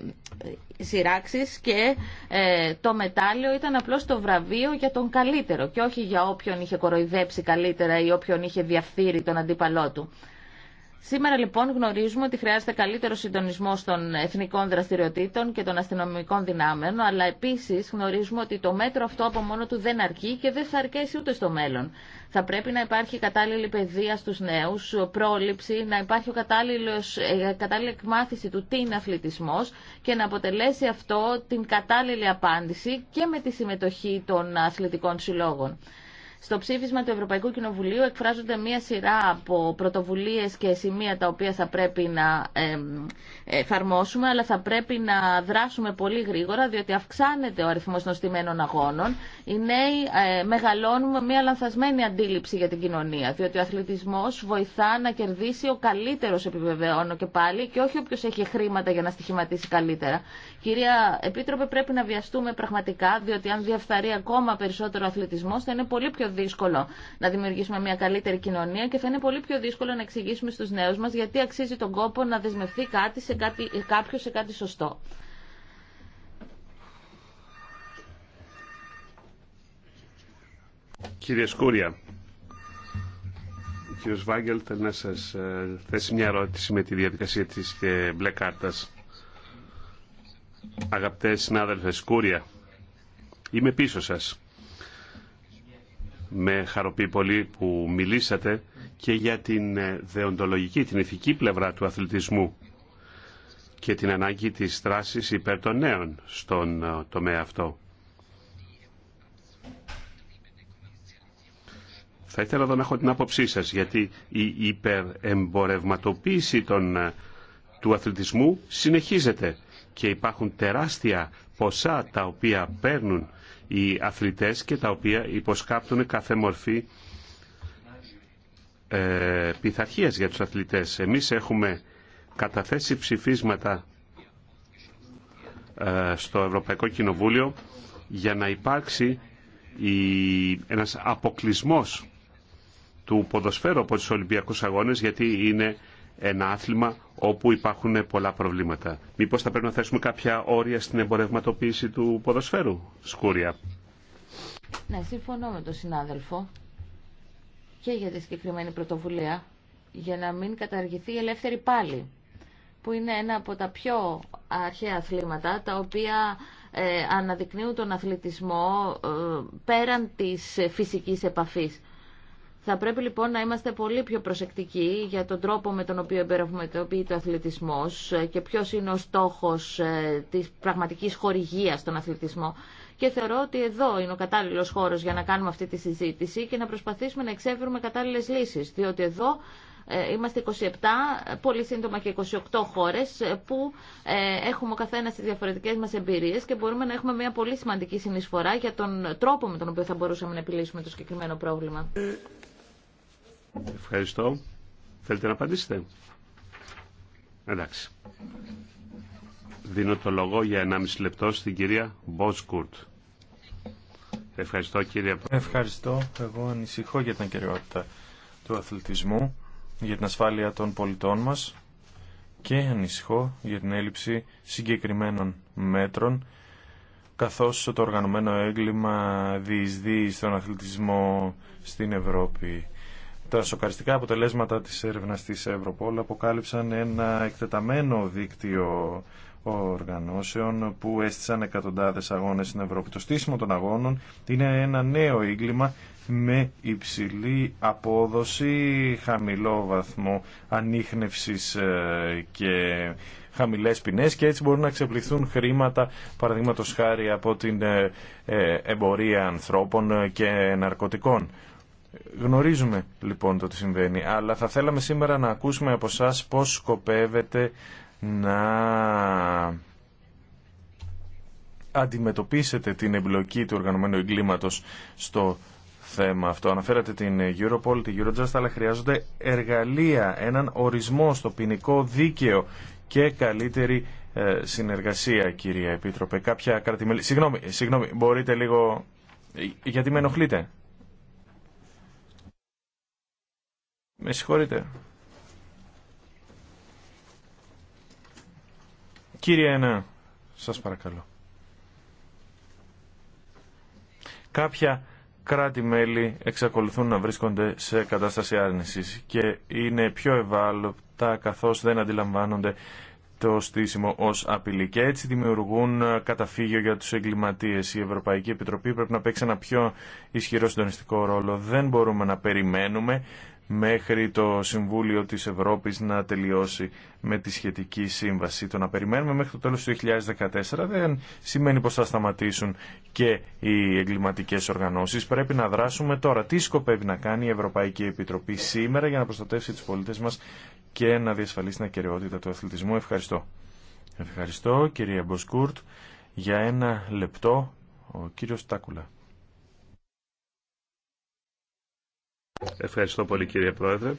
σειράξεις και ε, το μετάλλιο ήταν απλώς το βραβείο για τον καλύτερο και όχι για όποιον είχε κοροϊδέψει καλύτερα ή όποιον είχε διαφθείρει τον αντίπαλό του. Σήμερα λοιπόν γνωρίζουμε ότι χρειάζεται καλύτερο συντονισμό των εθνικών δραστηριοτήτων και των αστυνομικών δυνάμεων, αλλά επίση γνωρίζουμε ότι το μέτρο αυτό από μόνο του δεν αρκεί και δεν θα αρκέσει ούτε στο μέλλον. Θα πρέπει να υπάρχει κατάλληλη παιδεία στου νέου πρόληψη, να υπάρχει ε, κατάλληλη εκμάθηση του τι είναι αθλητισμό και να αποτελέσει αυτό την κατάλληλη απάντηση και με τη συμμετοχή των αθλητικών συλλόγων. Στο ψήφισμα του Ευρωπαϊκού Κοινοβουλίου εκφράζονται μία σειρά από πρωτοβουλίε και σημεία τα οποία θα πρέπει να εφαρμόσουμε, αλλά θα πρέπει να δράσουμε πολύ γρήγορα, διότι αυξάνεται ο αριθμός νοστιμένων αγώνων. Οι νέοι ε, μεγαλώνουν με μία λανθασμένη αντίληψη για την κοινωνία, διότι ο αθλητισμός βοηθά να κερδίσει ο καλύτερο επιβεβαιώνω και πάλι, και όχι όποιο έχει χρήματα για να στοιχηματίσει καλύτερα. Κυρία Επίτροπε, πρέπει να βιαστούμε πραγματικά, διότι αν διαφθαρεί ακόμα περισσότερο ο θα είναι πολύ πιο δύσκολο να δημιουργήσουμε μια καλύτερη κοινωνία και θα είναι πολύ πιο δύσκολο να εξηγήσουμε στους νέους μας γιατί αξίζει τον κόπο να δεσμευθεί κάτι σε κάτι, σε κάτι σωστό. Κύριε Σκούρια, ο κύριος Βάγκελ θέλει να σας ε, θέσει μια ερώτηση με τη διαδικασία της και μπλε κάρτας. Αγαπητές συνάδελφε Σκούρια, είμαι πίσω σας με χαροποιεί πολύ που μιλήσατε και για την ε, δεοντολογική, την ηθική πλευρά του αθλητισμού και την ανάγκη της δράσης υπέρ των νέων στον ε, τομέα αυτό. Θα ήθελα εδώ να έχω την άποψή σας, γιατί η υπερεμπορευματοποίηση των, ε, του αθλητισμού συνεχίζεται και υπάρχουν τεράστια ποσά τα οποία παίρνουν οι αθλητές και τα οποία υποσκάπτουν κάθε μορφή ε, πειθαρχίας για τους αθλητές. Εμείς έχουμε καταθέσει ψηφίσματα ε, στο Ευρωπαϊκό Κοινοβούλιο για να υπάρξει η, ένας αποκλισμός του ποδοσφαίρου από τους Ολυμπιακούς Αγώνες γιατί είναι ένα άθλημα όπου υπάρχουν πολλά προβλήματα. Μήπως θα πρέπει να θέσουμε κάποια όρια στην εμπορευματοποίηση του ποδοσφαίρου, Σκούρια. Ναι, συμφωνώ με τον συνάδελφο και για τη συγκεκριμένη πρωτοβουλία για να μην καταργηθεί η ελεύθερη πάλι που είναι ένα από τα πιο αρχαία αθλήματα τα οποία ε, αναδεικνύουν τον αθλητισμό ε, πέραν της ε, φυσικής επαφής. Θα πρέπει λοιπόν να είμαστε πολύ πιο προσεκτικοί για τον τρόπο με τον οποίο εμπεριβοματοποιείται ο αθλητισμός και ποιος είναι ο στόχος ε, της πραγματικής χορηγίας στον αθλητισμό. Και θεωρώ ότι εδώ είναι ο κατάλληλος χώρος για να κάνουμε αυτή τη συζήτηση και να προσπαθήσουμε να εξεύρουμε κατάλληλες λύσεις, διότι εδώ ε, Είμαστε 27, πολύ σύντομα και 28 χώρες ε, που έχουμε καθένα καθένας τις διαφορετικές μας εμπειρίες και μπορούμε να έχουμε μια πολύ σημαντική συνεισφορά για τον τρόπο με τον οποίο θα μπορούσαμε να επιλύσουμε το συγκεκριμένο πρόβλημα. Ευχαριστώ. Θέλετε να απαντήσετε. Εντάξει. Δίνω το λόγο για 1,5 λεπτό στην κυρία Μπόσκουρτ. Ευχαριστώ κύριε Ευχαριστώ. Εγώ ανησυχώ για την κυριότητα του αθλητισμού, για την ασφάλεια των πολιτών μας και ανησυχώ για την έλλειψη συγκεκριμένων μέτρων καθώς το οργανωμένο έγκλημα διεισδύει στον αθλητισμό στην Ευρώπη. Τα σοκαριστικά αποτελέσματα της έρευνας της Ευρωπόλ αποκάλυψαν ένα εκτεταμένο δίκτυο οργανώσεων που έστησαν εκατοντάδες αγώνες στην Ευρώπη. Το στήσιμο των αγώνων είναι ένα νέο έγκλημα με υψηλή απόδοση, χαμηλό βαθμό ανείχνευσης ε, και χαμηλές ποινές και έτσι μπορούν να ξεπληθούν χρήματα παραδείγματος χάρη από την ε, ε, εμπορία ανθρώπων και ναρκωτικών. Γνωρίζουμε λοιπόν το τι συμβαίνει, αλλά θα θέλαμε σήμερα να ακούσουμε από εσά πώς σκοπεύετε να αντιμετωπίσετε την εμπλοκή του οργανωμένου εγκλήματος στο θέμα αυτό. Αναφέρατε την Europol, την Eurojust, αλλά χρειάζονται εργαλεία, έναν ορισμό στο ποινικό δίκαιο και καλύτερη ε, συνεργασία, κυρία Επίτροπε. Κάποια κρατημέλη... Συγγνώμη, συγγνώμη, μπορείτε λίγο... Ε, γιατί με ενοχλείτε. Με συγχωρείτε. Κύριε Ένα, σας παρακαλώ. Κάποια κράτη-μέλη εξακολουθούν να βρίσκονται σε κατάσταση άρνησης και είναι πιο ευάλωτα καθώς δεν αντιλαμβάνονται το στήσιμο ως απειλή και έτσι δημιουργούν καταφύγιο για τους εγκληματίες. Η Ευρωπαϊκή Επιτροπή πρέπει να παίξει ένα πιο ισχυρό συντονιστικό ρόλο. Δεν μπορούμε να περιμένουμε μέχρι το Συμβούλιο της Ευρώπης να τελειώσει με τη σχετική σύμβαση. Το να περιμένουμε μέχρι το τέλος του 2014 δεν σημαίνει πως θα σταματήσουν και οι εγκληματικές οργανώσεις. Πρέπει να δράσουμε τώρα. Τι σκοπεύει να κάνει η Ευρωπαϊκή Επιτροπή σήμερα για να προστατεύσει τους πολίτες μας και να διασφαλίσει την ακαιρεότητα του αθλητισμού. Ευχαριστώ. Ευχαριστώ κυρία Μποσκούρτ. Για ένα λεπτό ο κύριος Τάκουλα. Ευχαριστώ πολύ κύριε Πρόεδρε.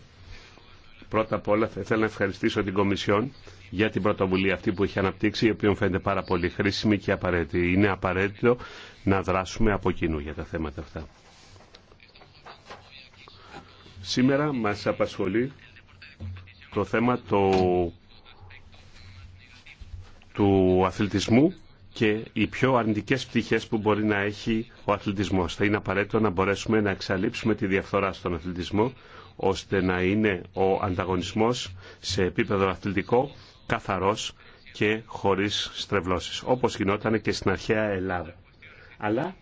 Πρώτα απ' όλα θέλω να ευχαριστήσω την Κομισιόν για την πρωτοβουλία αυτή που έχει αναπτύξει, η οποία μου φαίνεται πάρα πολύ χρήσιμη και απαραίτητη. Είναι απαραίτητο να δράσουμε από κοινού για τα θέματα αυτά. Σήμερα μας απασχολεί το θέμα το... του αθλητισμού και οι πιο αρνητικές πτυχές που μπορεί να έχει ο αθλητισμός. Θα είναι απαραίτητο να μπορέσουμε να εξαλείψουμε τη διαφθορά στον αθλητισμό, ώστε να είναι ο ανταγωνισμός σε επίπεδο αθλητικό καθαρός και χωρίς στρεβλώσεις, όπως γινόταν και στην αρχαία Ελλάδα. Αλλά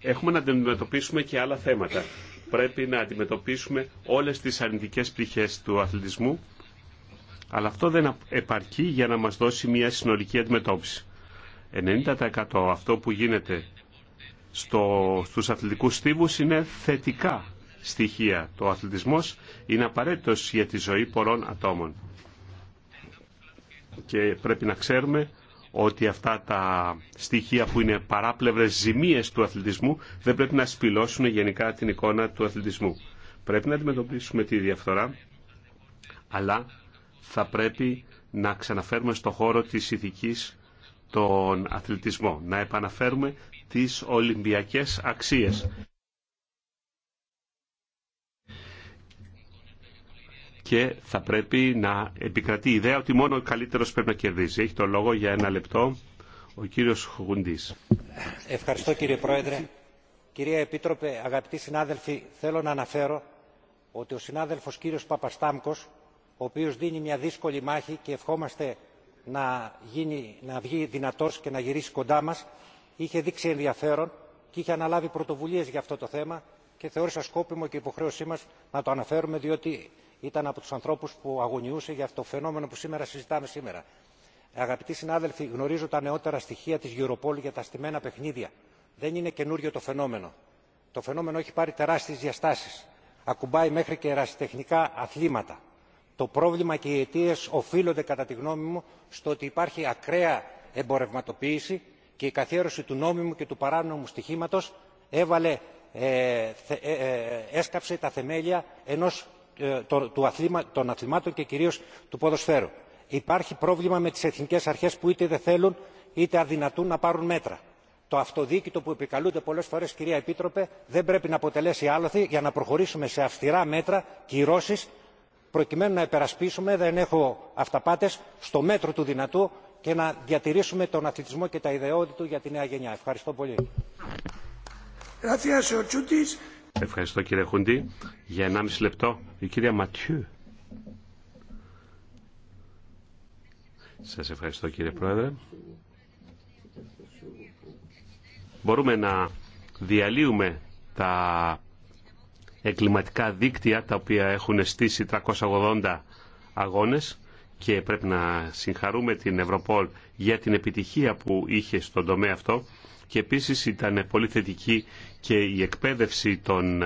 έχουμε να αντιμετωπίσουμε και άλλα θέματα. Πρέπει να αντιμετωπίσουμε όλες τις αρνητικές πτυχές του αθλητισμού, αλλά αυτό δεν επαρκεί για να μας δώσει μια συνολική αντιμετώπιση. 90% αυτό που γίνεται στο, στους αθλητικούς στίβους είναι θετικά στοιχεία. Το αθλητισμός είναι απαραίτητος για τη ζωή πολλών ατόμων. Και πρέπει να ξέρουμε ότι αυτά τα στοιχεία που είναι παράπλευρες ζημίες του αθλητισμού δεν πρέπει να σπηλώσουν γενικά την εικόνα του αθλητισμού. Πρέπει να αντιμετωπίσουμε τη διαφθορά, αλλά θα πρέπει να ξαναφέρουμε στο χώρο της ηθικής τον αθλητισμό, να επαναφέρουμε τις Ολυμπιακές αξίες. Και θα πρέπει να επικρατεί η ιδέα ότι μόνο ο καλύτερος πρέπει να κερδίζει. Έχει το λόγο για ένα λεπτό ο κύριος Χουγουντής. Ευχαριστώ κύριε Πρόεδρε. Κυρία Επίτροπε, αγαπητοί συνάδελφοι, θέλω να αναφέρω ότι ο συνάδελφος κύριος Παπαστάμκος, ο οποίος δίνει μια δύσκολη μάχη και ευχόμαστε να, βγει δυνατός και να γυρίσει κοντά μας είχε δείξει ενδιαφέρον και είχε αναλάβει πρωτοβουλίες για αυτό το θέμα και θεώρησα σκόπιμο και υποχρέωσή μας να το αναφέρουμε διότι ήταν από τους ανθρώπους που αγωνιούσε για αυτό το φαινόμενο που σήμερα συζητάμε σήμερα. Αγαπητοί συνάδελφοι, γνωρίζω τα νεότερα στοιχεία της Europol για τα στημένα παιχνίδια. Δεν είναι καινούριο το φαινόμενο. Το φαινόμενο έχει πάρει τεράστιες διαστάσεις. Ακουμπάει μέχρι και ερασιτεχνικά αθλήματα το πρόβλημα και οι αιτίε οφείλονται κατά τη γνώμη μου στο ότι υπάρχει ακραία εμπορευματοποίηση και η καθιέρωση του νόμιμου και του παράνομου στοιχήματος έβαλε, ε, ε, ε, έσκαψε τα θεμέλια ενός, των αθλημάτων και κυρίως του ποδοσφαίρου. Υπάρχει πρόβλημα με τις εθνικές αρχές που είτε δεν θέλουν είτε αδυνατούν να πάρουν μέτρα. Το αυτοδίκητο που επικαλούνται πολλές φορές, κυρία Επίτροπε, δεν πρέπει να αποτελέσει άλοθη για να προχωρήσουμε σε αυστηρά μέτρα, κυρώσεις προκειμένου να υπερασπίσουμε δεν έχω αυταπάτες στο μέτρο του δυνατού και να διατηρήσουμε τον αθλητισμό και τα ιδεώδη του για τη νέα γενιά. Ευχαριστώ πολύ. Ευχαριστώ κύριε Χουντή. Για 1,5 λεπτό η κυρία Ματιού. Σας ευχαριστώ κύριε Πρόεδρε. Μπορούμε να διαλύουμε τα εγκληματικά δίκτυα τα οποία έχουν στήσει 380 αγώνες και πρέπει να συγχαρούμε την Ευρωπόλ για την επιτυχία που είχε στον τομέα αυτό και επίσης ήταν πολύ θετική και η εκπαίδευση των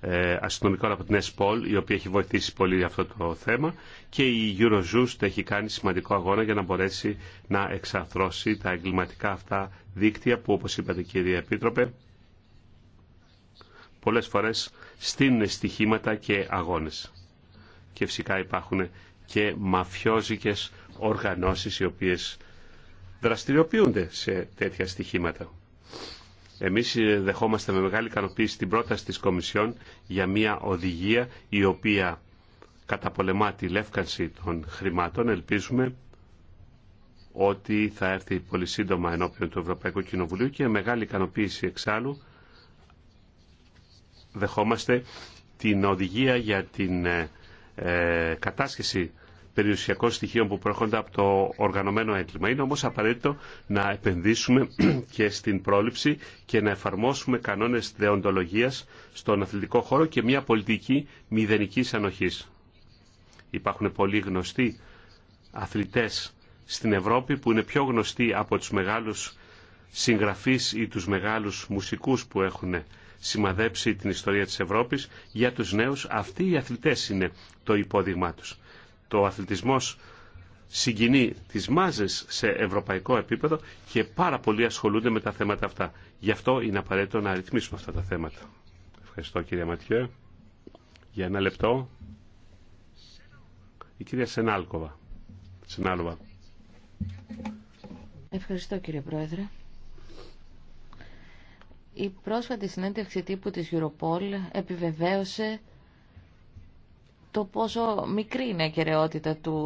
ε, αστυνομικών από την ΕΣΠΟΛ η οποία έχει βοηθήσει πολύ για αυτό το θέμα και η Eurojust έχει κάνει σημαντικό αγώνα για να μπορέσει να εξαρθρώσει τα εγκληματικά αυτά δίκτυα που όπως είπατε κυρία Επίτροπε πολλές φορές στείνουν στοιχήματα και αγώνες. Και φυσικά υπάρχουν και μαφιόζικες οργανώσεις οι οποίες δραστηριοποιούνται σε τέτοια στοιχήματα. Εμείς ε, δεχόμαστε με μεγάλη ικανοποίηση την πρόταση της Κομισιόν για μια οδηγία η οποία καταπολεμά τη λεύκανση των χρημάτων. Ελπίζουμε ότι θα έρθει πολύ σύντομα ενώπιον του Ευρωπαϊκού Κοινοβουλίου και μεγάλη ικανοποίηση εξάλλου δεχόμαστε την οδηγία για την ε, ε, κατάσχεση περιουσιακών στοιχείων που προέρχονται από το οργανωμένο έγκλημα. Είναι όμως απαραίτητο να επενδύσουμε *clears throat* και στην πρόληψη και να εφαρμόσουμε κανόνες δεοντολογίας στον αθλητικό χώρο και μια πολιτική μηδενικής ανοχής. Υπάρχουν πολλοί γνωστοί αθλητές στην Ευρώπη που είναι πιο γνωστοί από τους μεγάλους συγγραφείς ή τους μεγάλους μουσικούς που έχουν σημαδέψει την ιστορία της Ευρώπης. Για τους νέους αυτοί οι αθλητές είναι το υπόδειγμά τους. Το αθλητισμός συγκινεί τις μάζες σε ευρωπαϊκό επίπεδο και πάρα πολλοί ασχολούνται με τα θέματα αυτά. Γι' αυτό είναι απαραίτητο να αριθμίσουμε αυτά τα θέματα. Ευχαριστώ κύριε Ματιέ. Για ένα λεπτό. Η κυρία Σενάλκοβα. Σενάλκοβα. Ευχαριστώ κύριε Πρόεδρε. Η πρόσφατη συνέντευξη τύπου της Europol επιβεβαίωσε το πόσο μικρή είναι η κεραιότητα του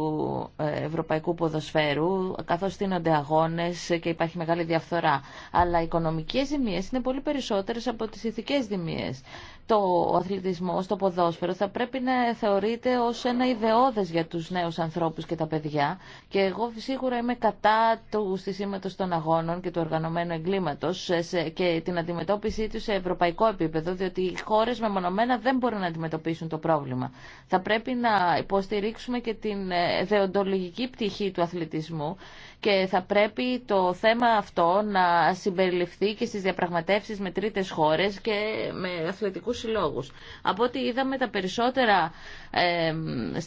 ε, ευρωπαϊκού ποδοσφαίρου, καθώς στείνονται αγώνες και υπάρχει μεγάλη διαφθορά. Αλλά οι οικονομικές ζημίες είναι πολύ περισσότερες από τις ηθικές ζημίες. Το αθλητισμό στο το ποδόσφαιρο θα πρέπει να θεωρείται ως ένα ιδεώδες για τους νέους ανθρώπους και τα παιδιά και εγώ σίγουρα είμαι κατά του στισίματος των αγώνων και του οργανωμένου εγκλήματος και την αντιμετώπιση του σε ευρωπαϊκό επίπεδο, διότι οι χώρες μεμονωμένα δεν μπορούν να αντιμετωπίσουν το πρόβλημα θα πρέπει να υποστηρίξουμε και την ε, δεοντολογική πτυχή του αθλητισμού και θα πρέπει το θέμα αυτό να συμπεριληφθεί και στις διαπραγματεύσεις με τρίτες χώρες και με αθλητικούς συλλόγους. Από ό,τι είδαμε τα περισσότερα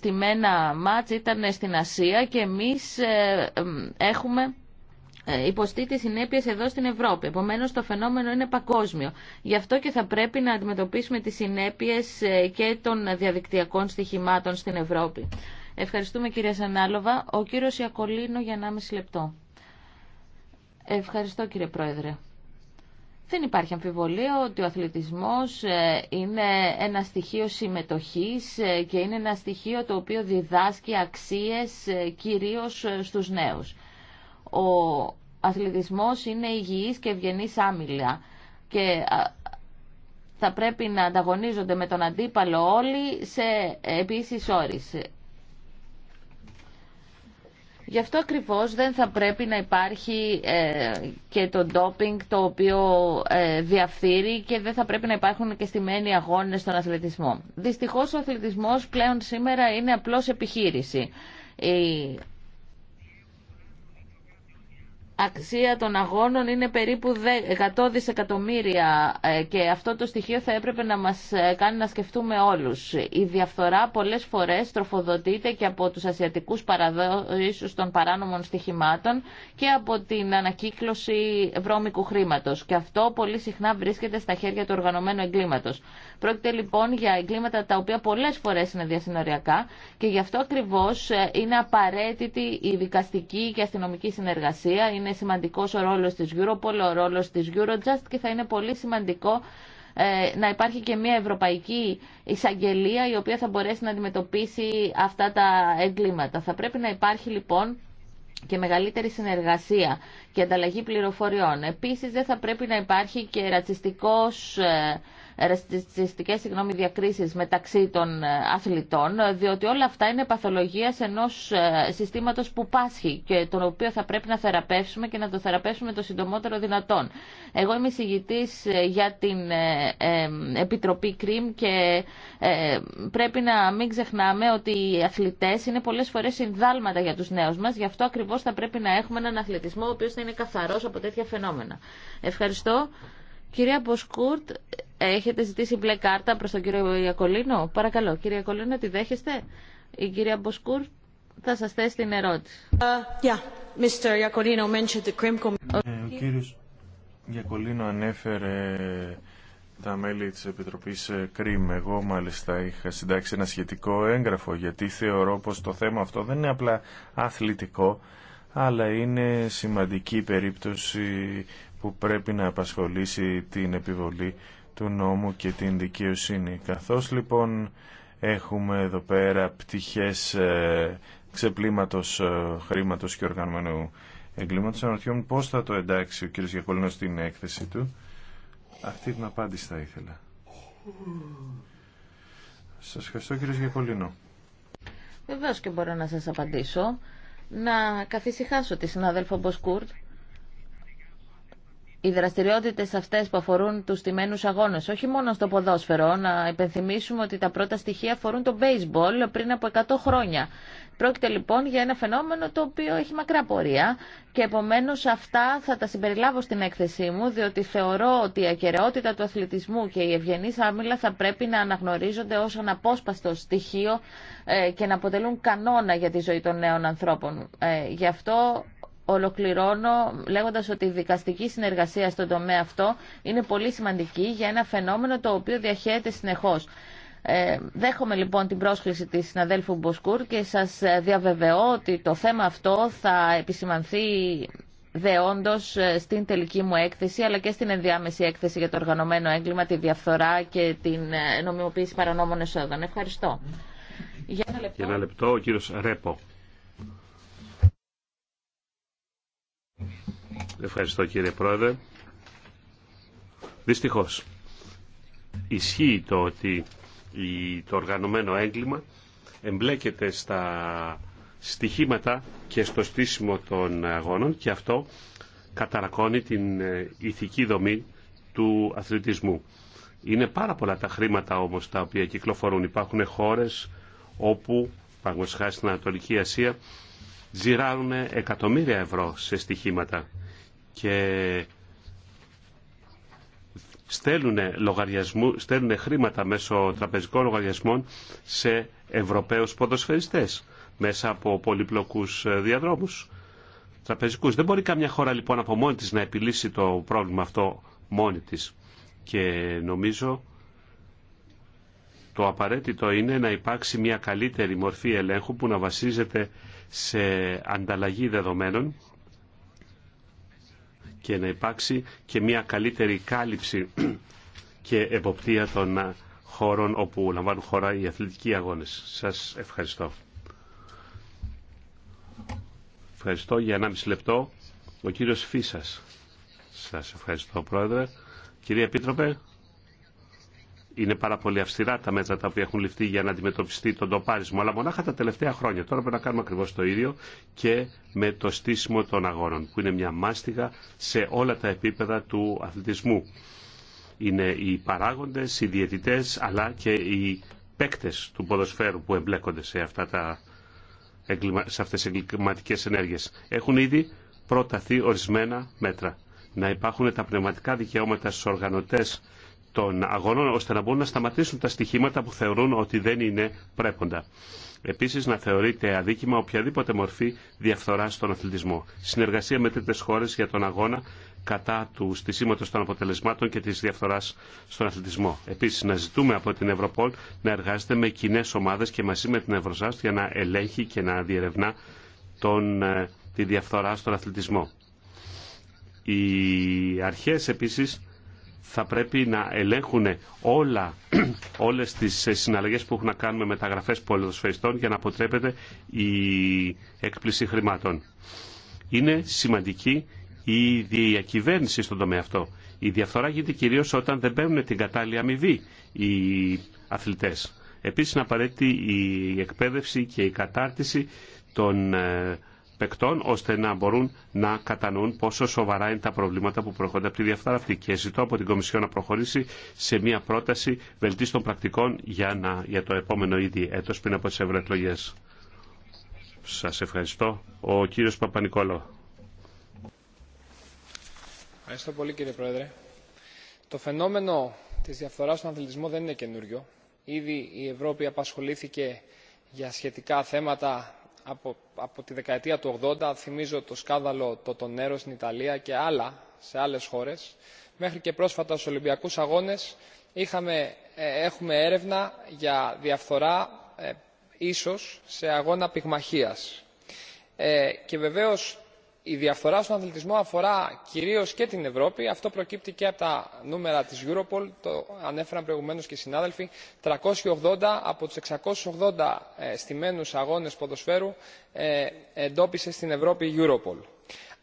ε, μένα μάτς ήταν στην Ασία και εμείς ε, έχουμε ε, υποστεί τι συνέπειε εδώ στην Ευρώπη. Επομένω, το φαινόμενο είναι παγκόσμιο. Γι' αυτό και θα πρέπει να αντιμετωπίσουμε τι συνέπειε ε, και των διαδικτυακών στοιχημάτων στην Ευρώπη. Ευχαριστούμε κυρία Σανάλοβα. Ο κύριο Ιακολίνο για 1,5 λεπτό. Ευχαριστώ κύριε Πρόεδρε. Δεν υπάρχει αμφιβολία ότι ο αθλητισμός ε, είναι ένα στοιχείο συμμετοχής και είναι ένα στοιχείο το οποίο διδάσκει αξίες κυρίως στους νέους ο αθλητισμός είναι υγιής και ευγενής άμυλα και θα πρέπει να ανταγωνίζονται με τον αντίπαλο όλοι σε επίσης όρις. Γι' αυτό ακριβώς δεν θα πρέπει να υπάρχει ε, και το ντόπινγκ το οποίο ε, διαφθείρει και δεν θα πρέπει να υπάρχουν και στημένοι αγώνες στον αθλητισμό. Δυστυχώς ο αθλητισμός πλέον σήμερα είναι απλώς επιχείρηση αξία των αγώνων είναι περίπου 100 δισεκατομμύρια ε, και αυτό το στοιχείο θα έπρεπε να μας ε, κάνει να σκεφτούμε όλους. Η διαφθορά πολλές φορές τροφοδοτείται και από τους ασιατικούς παραδόσεις των παράνομων στοιχημάτων και από την ανακύκλωση βρώμικου χρήματος και αυτό πολύ συχνά βρίσκεται στα χέρια του οργανωμένου εγκλήματος. Πρόκειται λοιπόν για εγκλήματα τα οποία πολλές φορές είναι διασυνοριακά και γι' αυτό ακριβώς ε, είναι απαραίτητη η δικαστική και αστυνομική συνεργασία, είναι σημαντικός ο ρόλος της Europol, ο ρόλος της Eurojust και θα είναι πολύ σημαντικό ε, να υπάρχει και μια ευρωπαϊκή εισαγγελία η οποία θα μπορέσει να αντιμετωπίσει αυτά τα εγκλήματα. Θα πρέπει να υπάρχει λοιπόν και μεγαλύτερη συνεργασία και ανταλλαγή πληροφοριών. Επίσης δεν θα πρέπει να υπάρχει και ρατσιστικός ε, ρατσιστικές συγγνώμη, διακρίσεις μεταξύ των ε, αθλητών, διότι όλα αυτά είναι παθολογίας ενός ε, συστήματος που πάσχει και τον οποίο θα πρέπει να θεραπεύσουμε και να το θεραπεύσουμε το συντομότερο δυνατόν. Εγώ είμαι συγητής ε, για την Επιτροπή ΚΡΙΜ και πρέπει να μην ξεχνάμε ότι οι αθλητές είναι πολλές φορές συνδάλματα για τους νέους μας, γι' αυτό ακριβώς θα πρέπει να έχουμε έναν αθλητισμό ο οποίος θα είναι καθαρός από τέτοια φαινόμενα. Ευχαριστώ. Κυρία Μποσκούρτ, έχετε ζητήσει μπλε κάρτα προς τον κύριο Ιακολίνο. Παρακαλώ, κύριε Ιακολίνο, τη δέχεστε. Η κυρία Μποσκούρτ θα σας θέσει την ερώτηση. Uh, yeah. Ε, ο κύριος Γιακολίνο ανέφερε τα μέλη της Επιτροπής ε, ΚΡΙΜ. Εγώ μάλιστα είχα συντάξει ένα σχετικό έγγραφο γιατί θεωρώ πως το θέμα αυτό δεν είναι απλά αθλητικό αλλά είναι σημαντική περίπτωση που πρέπει να απασχολήσει την επιβολή του νόμου και την δικαιοσύνη. Καθώς λοιπόν έχουμε εδώ πέρα πτυχές ε, ξεπλήματος ε, χρήματος και οργανωμένου εγκλήματος, αναρωτιόμουν πώς θα το εντάξει ο κ. Γιακολίνος στην έκθεση του. Αυτή την απάντηση θα ήθελα. Σας ευχαριστώ κ. Γιακολίνο. Βεβαίω και μπορώ να σας απαντήσω. Να καθησυχάσω τη συνάδελφα Μποσκούρτ οι δραστηριότητε αυτέ που αφορούν του τιμένου αγώνε, όχι μόνο στο ποδόσφαιρο, να υπενθυμίσουμε ότι τα πρώτα στοιχεία αφορούν το baseball πριν από 100 χρόνια. Πρόκειται λοιπόν για ένα φαινόμενο το οποίο έχει μακρά πορεία και επομένω αυτά θα τα συμπεριλάβω στην έκθεσή μου διότι θεωρώ ότι η ακαιρεότητα του αθλητισμού και η ευγενή άμυλα θα πρέπει να αναγνωρίζονται ω αναπόσπαστο στοιχείο ε, και να αποτελούν κανόνα για τη ζωή των νέων ανθρώπων. Ε, γι' αυτό ολοκληρώνω λέγοντας ότι η δικαστική συνεργασία στον τομέα αυτό είναι πολύ σημαντική για ένα φαινόμενο το οποίο διαχέεται συνεχώς. Ε, δέχομαι λοιπόν την πρόσκληση της συναδέλφου Μποσκούρ και σας διαβεβαιώ ότι το θέμα αυτό θα επισημανθεί δεόντως ε, στην τελική μου έκθεση αλλά και στην ενδιάμεση έκθεση για το οργανωμένο έγκλημα, τη διαφθορά και την ε, νομιμοποίηση παρανόμων εσόδων. Ευχαριστώ. Για λεπτό, Ρέπο. Ευχαριστώ κύριε Πρόεδρε. Δυστυχώς, ισχύει το ότι το οργανωμένο έγκλημα εμπλέκεται στα στοιχήματα και στο στήσιμο των αγώνων και αυτό καταρακώνει την ε, ηθική δομή του αθλητισμού. Είναι πάρα πολλά τα χρήματα όμως τα οποία κυκλοφορούν. Υπάρχουν χώρες όπου, παραγωγικά στην Ανατολική Ασία, ζηράνουν εκατομμύρια ευρώ σε στοιχήματα και στέλνουν, λογαριασμού, στέλνουν χρήματα μέσω τραπεζικών λογαριασμών σε Ευρωπαίους ποδοσφαιριστές μέσα από πολυπλοκούς ε, διαδρόμους τραπεζικούς. Δεν μπορεί καμιά χώρα λοιπόν από μόνη της να επιλύσει το πρόβλημα αυτό μόνη της. Και νομίζω το απαραίτητο είναι να υπάρξει μια καλύτερη μορφή ελέγχου που να βασίζεται σε ανταλλαγή δεδομένων και να υπάρξει και μια καλύτερη κάλυψη *clears throat* και εποπτεία των ε, χώρων όπου λαμβάνουν χώρα οι αθλητικοί αγώνες. Σας ευχαριστώ. Ευχαριστώ για μισή λεπτό. Ο κύριος Φίσας. Σας ευχαριστώ πρόεδρε. Κυρία Επίτροπε είναι πάρα πολύ αυστηρά τα μέτρα τα οποία έχουν ληφθεί για να αντιμετωπιστεί τον τοπάρισμο, αλλά μονάχα τα τελευταία χρόνια. Τώρα πρέπει να κάνουμε ακριβώ το ίδιο και με το στήσιμο των αγώνων, που είναι μια μάστιγα σε όλα τα επίπεδα του αθλητισμού. Είναι οι παράγοντε, οι διαιτητέ, αλλά και οι παίκτε του ποδοσφαίρου που εμπλέκονται σε, αυτά τα, σε αυτές τις εγκληματικές ενέργειες. Έχουν ήδη προταθεί ορισμένα μέτρα. Να υπάρχουν τα πνευματικά δικαιώματα στου οργανωτές των αγώνων ώστε να μπορούν να σταματήσουν τα στοιχήματα που θεωρούν ότι δεν είναι πρέποντα. Επίσης να θεωρείται αδίκημα οποιαδήποτε μορφή διαφθοράς στον αθλητισμό. Συνεργασία με τρίτες χώρες για τον αγώνα κατά του στισίματος των αποτελεσμάτων και της διαφθοράς στον αθλητισμό. Επίσης να ζητούμε από την Ευρωπόλ να εργάζεται με κοινέ ομάδες και μαζί με την Ευρωσάστ για να ελέγχει και να διερευνά τον, ε, τη διαφθορά στον αθλητισμό. Οι αρχές επίσης θα πρέπει να ελέγχουν όλα, *clears throat* όλες τις συναλλαγές που έχουν να κάνουν με μεταγραφές πολυδοσφαιριστών για να αποτρέπεται η έκπληση χρημάτων. Είναι σημαντική η διακυβέρνηση στον τομέα αυτό. Η διαφθορά γίνεται κυρίως όταν δεν παίρνουν την κατάλληλη αμοιβή οι αθλητές. Επίσης είναι απαραίτητη η εκπαίδευση και η κατάρτιση των ε, παικτών ώστε να μπορούν να κατανοούν πόσο σοβαρά είναι τα προβλήματα που προχωρούνται από τη διαφθαρά αυτή. Και ζητώ από την Κομισιόν να προχωρήσει σε μια πρόταση βελτίστων πρακτικών για, να, για το επόμενο ήδη έτο πριν από τι ευρωεκλογέ. Σα ευχαριστώ. Ο κύριος Παπα-Νικόλο. Ευχαριστώ πολύ κύριε Πρόεδρε. Το φαινόμενο της διαφθοράς στον αθλητισμό δεν είναι καινούριο. Ήδη η Ευρώπη απασχολήθηκε για σχετικά θέματα από, τη δεκαετία του 80, θυμίζω το σκάνδαλο το Τονέρο στην Ιταλία και άλλα σε άλλες χώρες, μέχρι και πρόσφατα στους Ολυμπιακούς Αγώνες είχαμε, ε, έχουμε έρευνα για διαφθορά ε, ίσως σε αγώνα πυγμαχίας. Ε, και βεβαίως η διαφθορά στον αθλητισμό αφορά κυρίως και την Ευρώπη. Αυτό προκύπτει και από τα νούμερα της Europol, το ανέφεραν προηγουμένως και οι συνάδελφοι. 380 από τους 680 ε, στημένους αγώνες ποδοσφαίρου ε, εντόπισε στην Ευρώπη η Europol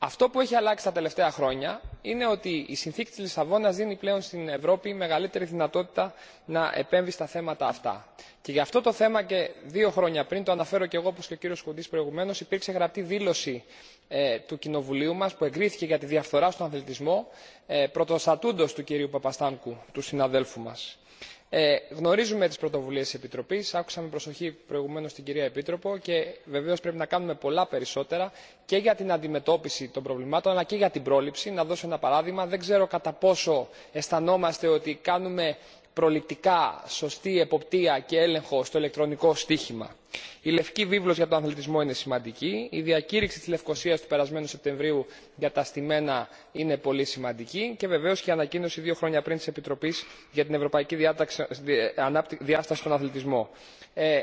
αυτό που έχει αλλάξει τα τελευταία χρόνια είναι ότι η συνθήκη της λισαβόνας δίνει πλέον στην ευρώπη μεγαλύτερη δυνατότητα να επέμβει στα θέματα αυτά και γι' αυτό το θέμα και δύο χρόνια πριν το αναφέρω και εγώ όπως και ο κύριος Κοντή προηγουμένως υπήρξε γραπτή δήλωση ε, του κοινοβουλίου μας που εγκρίθηκε για τη διαφθορά στον αθλητισμό ε, του κυρίου παπαστάνκου του συναδέλφου μας. Ε, γνωρίζουμε τις πρωτοβουλίες τη επιτροπής άκουσα με προσοχή προηγουμένως την κυρία επίτροπο και βεβαίω πρέπει να κάνουμε πολλά περισσότερα και για την αντιμετώπιση των προβλημάτων αλλά και για την πρόληψη. να δώσω ένα παράδειγμα δεν ξέρω κατά πόσο αισθανόμαστε ότι κάνουμε προληπτικά σωστή εποπτεία και έλεγχο στο ηλεκτρονικό στοίχημα. Η λευκή βίβλος για τον αθλητισμό είναι σημαντική. Η διακήρυξη της Λευκοσίας του περασμένου Σεπτεμβρίου για τα στημένα είναι πολύ σημαντική και βεβαίως και η ανακοίνωση δύο χρόνια πριν της Επιτροπής για την Ευρωπαϊκή Διάσταση στον Αθλητισμό. Ε,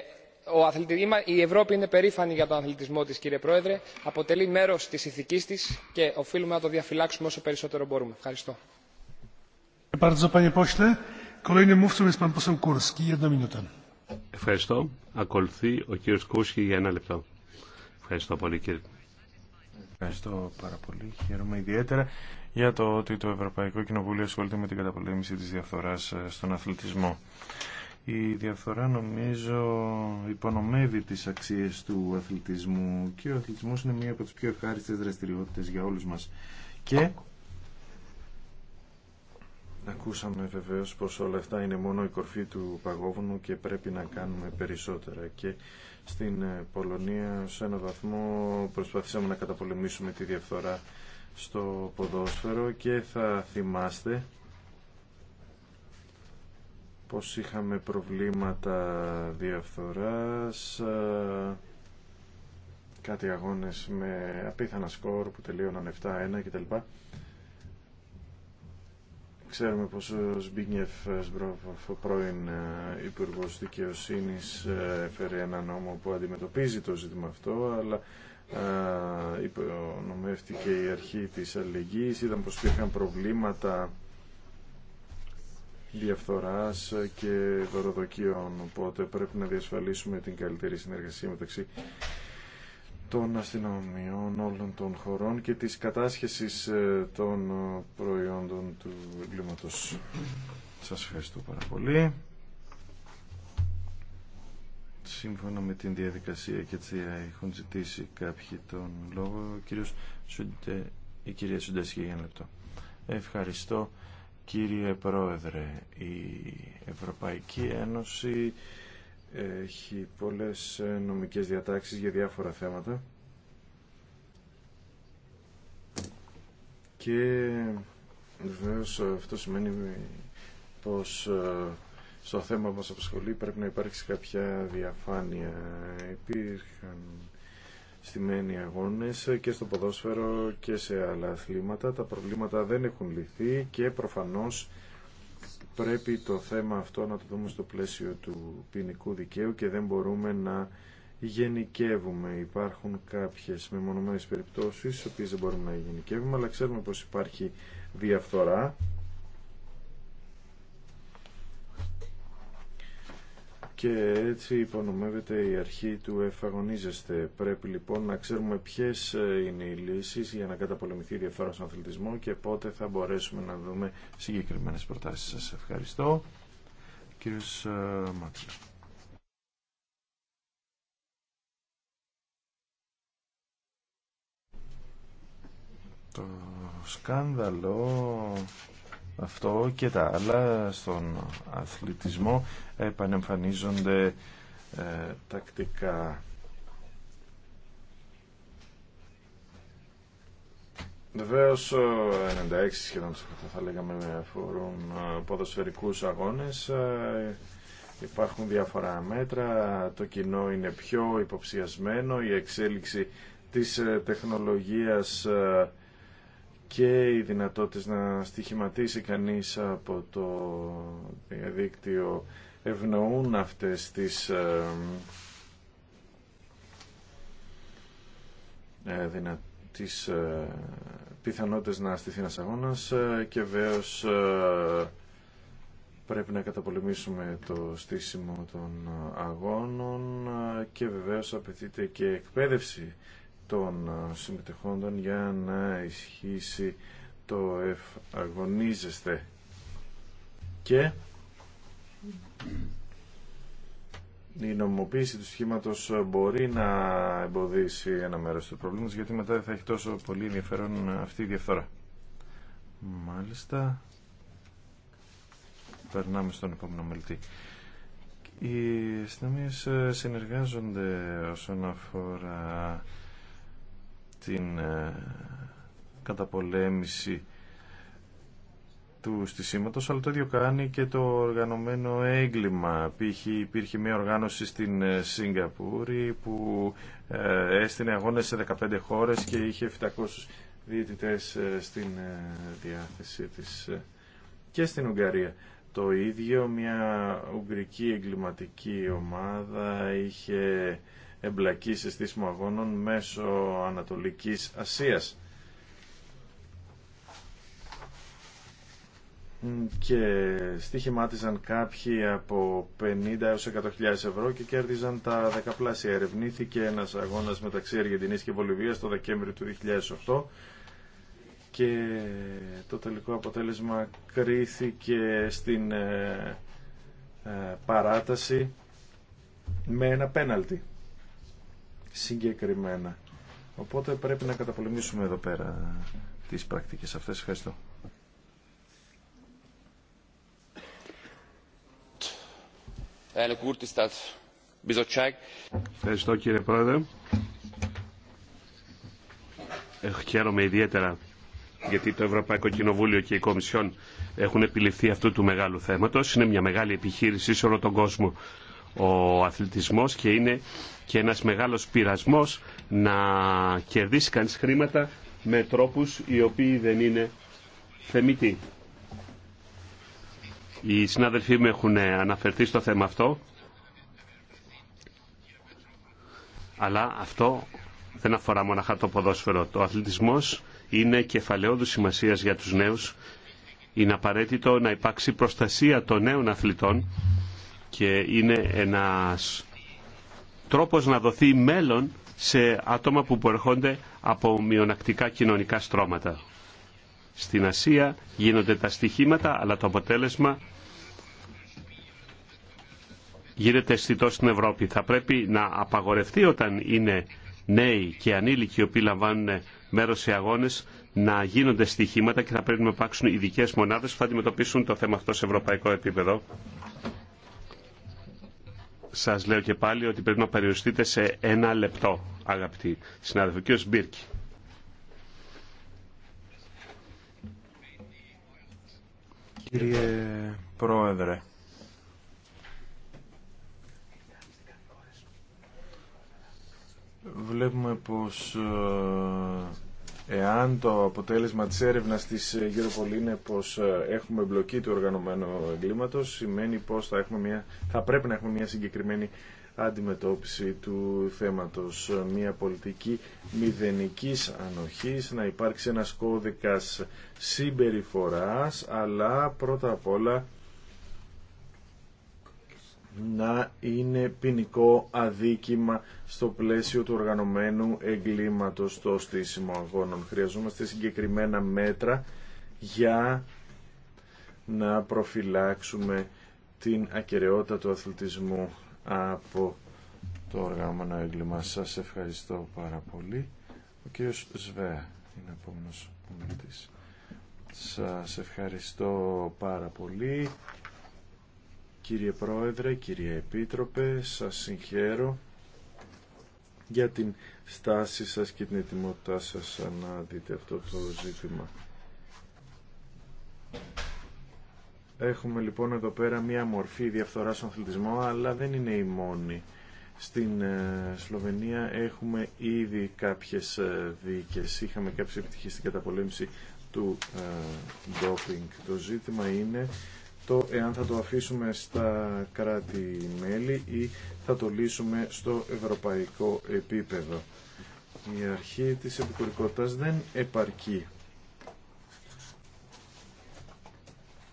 η Ευρώπη είναι περήφανη για τον αθλητισμό της, κύριε Πρόεδρε. Αποτελεί μέρος της ηθικής της και οφείλουμε να το διαφυλάξουμε όσο περισσότερο μπορούμε. Ευχαριστώ. Ευχαριστώ. Ακολουθεί ο κύριο Κούρσκι για ένα λεπτό. Ευχαριστώ πολύ κύριε. Ευχαριστώ πάρα πολύ. Χαίρομαι ιδιαίτερα για το ότι το Ευρωπαϊκό Κοινοβούλιο ασχολείται με την καταπολέμηση της διαφθοράς ε, στον αθλητισμό. Η διαφθορά νομίζω υπονομεύει τις αξίες του αθλητισμού και ο αθλητισμός είναι μία από τις πιο ευχάριστες δραστηριότητες για όλους μας. Και Ακούσαμε βεβαίως πως όλα αυτά είναι μόνο η κορφή του παγόβουνου και πρέπει να κάνουμε περισσότερα και στην ε, Πολωνία σε έναν βαθμό προσπαθήσαμε να καταπολεμήσουμε τη διαφθορά στο ποδόσφαιρο και θα θυμάστε πως είχαμε προβλήματα διαφθοράς ε, κάτι αγώνες με απίθανα σκορ που τελείωναν 7-1 κτλ. Ξέρουμε πως ο Σμπίνιεφ Σμπρόφ, ο πρώην ε, Υπουργό Δικαιοσύνη, ε, έφερε ένα νόμο που αντιμετωπίζει το ζήτημα αυτό, αλλά ε, υπονομεύτηκε η αρχή της αλληλεγγύης. Είδαν πως υπήρχαν προβλήματα διαφθοράς και δωροδοκίων, οπότε πρέπει να διασφαλίσουμε την καλύτερη συνεργασία μεταξύ των αστυνομιών όλων των χωρών και της κατάσχεσης ε, των ε, προϊόντων του εγκλήματος. Σας ευχαριστώ πάρα πολύ. Σύμφωνα με την διαδικασία και έτσι έχουν ζητήσει κάποιοι τον λόγο. Ο η κυρία Σουντέσχη, για ένα λεπτό. Ευχαριστώ κύριε Πρόεδρε. Η Ευρωπαϊκή Ένωση έχει πολλές ε, νομικές διατάξεις για διάφορα θέματα και βεβαίω αυτό σημαίνει πως ε, στο θέμα που μας απασχολεί πρέπει να υπάρξει κάποια διαφάνεια. Υπήρχαν στημένοι αγώνες και στο ποδόσφαιρο και σε άλλα αθλήματα. Τα προβλήματα δεν έχουν λυθεί και προφανώς πρέπει το θέμα αυτό να το δούμε στο πλαίσιο του ποινικού δικαίου και δεν μπορούμε να γενικεύουμε. Υπάρχουν κάποιες μεμονωμένες περιπτώσεις, τις οποίες δεν μπορούμε να γενικεύουμε, αλλά ξέρουμε πως υπάρχει διαφθορά και έτσι υπονομεύεται η αρχή του εφαγωνίζεστε. Πρέπει λοιπόν να ξέρουμε ποιε ε, είναι οι λύσεις για να καταπολεμηθεί η διαφθορά στον αθλητισμό και πότε θα μπορέσουμε να δούμε συγκεκριμένε προτάσεις. Σα. ευχαριστώ. Κύριος ε, Μάτσο. Το σκάνδαλο αυτό και τα άλλα στον αθλητισμό επανεμφανίζονται ε, τακτικά. Βεβαίω, 96 σχεδόν θα λέγαμε αφορούν ε, ποδοσφαιρικούς αγώνες. Ε, υπάρχουν διάφορα μέτρα, το κοινό είναι πιο υποψιασμένο, η εξέλιξη της ε, τεχνολογίας και οι δυνατότητες να στοιχηματίσει κανείς από το διαδίκτυο ευνοούν αυτές τις ε, ε, δυνα... Ε, πιθανότητες να στηθεί ένας αγώνας και βέβαιως πρέπει να καταπολεμήσουμε το στήσιμο των αγώνων και βεβαίως απαιτείται και εκπαίδευση των ε, συμμετεχόντων για να ισχύσει το ευαγωνίζεσθε και η νομοποίηση του σχήματος μπορεί να εμποδίσει ένα μέρος του προβλήματος γιατί μετά δεν θα έχει τόσο πολύ ενδιαφέρον αυτή η διαφθορά. Μάλιστα. Περνάμε στον επόμενο μελτή. Οι αστυνομίες ε, συνεργάζονται όσον αφορά την ε, καταπολέμηση του στισίματος, αλλά το ίδιο κάνει και το οργανωμένο έγκλημα. υπήρχε μια οργάνωση στην ε, Σιγκαπούρη που ε, έστεινε αγώνες σε 15 χώρες και είχε 700 διαιτητές στην διάθεσή της και στην Ουγγαρία. Το ίδιο μια ουγγρική εγκληματική ομάδα είχε εμπλακεί σε στήσιμο αγώνων μέσω Ανατολικής Ασίας. και στοιχημάτιζαν κάποιοι από 50 έως 100.000 ευρώ και κέρδιζαν τα δεκαπλάσια. Ερευνήθηκε ένας αγώνας μεταξύ Αργεντινής και Βολιβίας το Δεκέμβριο του 2008 και το τελικό αποτέλεσμα κρίθηκε στην ε, ε, παράταση με ένα πέναλτι συγκεκριμένα. Οπότε πρέπει να καταπολεμήσουμε εδώ πέρα τις πρακτικές αυτές. Ευχαριστώ. Ευχαριστώ κύριε Πρόεδρε. Χαίρομαι ιδιαίτερα γιατί το Ευρωπαϊκό Κοινοβούλιο και η Κομισιόν έχουν επιληφθεί αυτού του μεγάλου θέματος. Είναι μια μεγάλη επιχείρηση σε όλο τον κόσμο ο αθλητισμός και είναι και ένας μεγάλος πειρασμός να κερδίσει κανείς χρήματα με τρόπους οι οποίοι δεν είναι θεμητοί. Οι συνάδελφοί μου έχουν αναφερθεί στο θέμα αυτό, αλλά αυτό δεν αφορά μοναχά το ποδόσφαιρο. Το αθλητισμός είναι κεφαλαιόδου σημασίας για τους νέους. Είναι απαραίτητο να υπάρξει προστασία των νέων αθλητών και είναι ένας τρόπος να δοθεί μέλλον σε άτομα που προερχόνται από μειονακτικά κοινωνικά στρώματα. Στην Ασία γίνονται τα στοιχήματα, αλλά το αποτέλεσμα γίνεται αισθητό στην Ευρώπη. Θα πρέπει να απαγορευτεί όταν είναι νέοι και ανήλικοι οι οποίοι λαμβάνουν μέρος σε αγώνες να γίνονται στοιχήματα και θα πρέπει να υπάρξουν ειδικέ μονάδες που θα αντιμετωπίσουν το θέμα αυτό σε ευρωπαϊκό επίπεδο. Σα λέω και πάλι ότι πρέπει να περιοριστείτε σε ένα λεπτό, αγαπητοί συνάδελφοι. Κύριος Μπίρκη. Κύριε Πρόεδρε, βλέπουμε πως ε, Εάν το αποτέλεσμα της έρευνας της Europol ε, είναι πως ε, έχουμε μπλοκή του οργανωμένου εγκλήματος, σημαίνει πως θα, έχουμε μια, θα πρέπει να έχουμε μια συγκεκριμένη αντιμετώπιση του θέματος, ε, μια πολιτική μηδενικής ανοχής, να υπάρξει ένας κώδικας συμπεριφοράς, αλλά πρώτα απ' όλα να είναι ποινικό αδίκημα στο πλαίσιο του οργανωμένου εγκλήματος στο στήσιμο αγώνων. Χρειαζόμαστε συγκεκριμένα μέτρα για να προφυλάξουμε την ακαιρεότητα του αθλητισμού από το οργανωμένο έγκλημα. Σας ευχαριστώ πάρα πολύ. Ο κ. Σβέα είναι επόμενος ομιλητής. Σας ευχαριστώ πάρα πολύ. Κύριε Πρόεδρε, κύριε Επίτροπε, σας συγχαίρω για την στάση σας και την ετοιμότητά σας να δείτε αυτό το ζήτημα. Έχουμε λοιπόν εδώ πέρα μία μορφή διαφθοράς στον αθλητισμό, αλλά δεν είναι η μόνη. Στην ε, Σλοβενία έχουμε ήδη κάποιες ε, δίκες. Είχαμε κάποιες επιτυχίες στην καταπολέμηση του ε, ντόπινγκ. Το ζήτημα είναι το εάν θα το αφήσουμε στα κράτη-μέλη ή θα το λύσουμε στο ευρωπαϊκό επίπεδο. Η αρχή της επικουρικότητας δεν επαρκεί.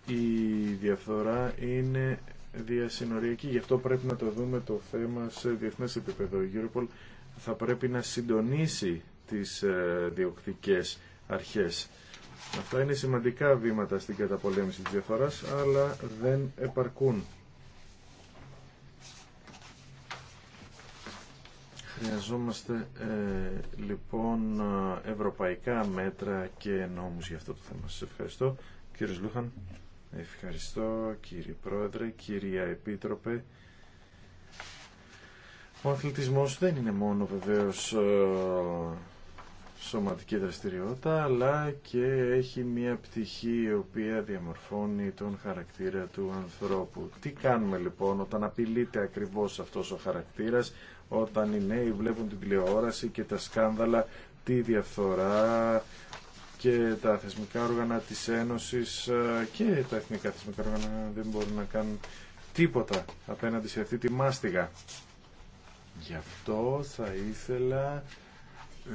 Η διαφθορά είναι διασυνοριακή, γι' αυτό πρέπει να το δούμε το θέμα σε διεθνές επίπεδο. Η Europol θα πρέπει να συντονίσει τις ε, διοκτικές αρχές Αυτά είναι σημαντικά βήματα στην καταπολέμηση της διαφοράς, αλλά δεν επαρκούν. Χρειαζόμαστε ε, λοιπόν ευρωπαϊκά μέτρα και νόμους για αυτό το θέμα. Σας ευχαριστώ. Κύριε Λούχαν, ευχαριστώ κύριε Πρόεδρε, κυρία Επίτροπε. Ο αθλητισμός δεν είναι μόνο βεβαίως... Ε, σωματική δραστηριότητα αλλά και έχει μια πτυχή η οποία διαμορφώνει τον χαρακτήρα του ανθρώπου. Τι κάνουμε λοιπόν όταν απειλείται ακριβώς αυτός ο χαρακτήρας, όταν οι νέοι βλέπουν την τηλεόραση και τα σκάνδαλα, τη διαφθορά και τα θεσμικά όργανα της Ένωσης ε, και τα εθνικά θεσμικά όργανα δεν μπορούν να κάνουν τίποτα απέναντι σε αυτή τη μάστιγα. Γι' αυτό θα ήθελα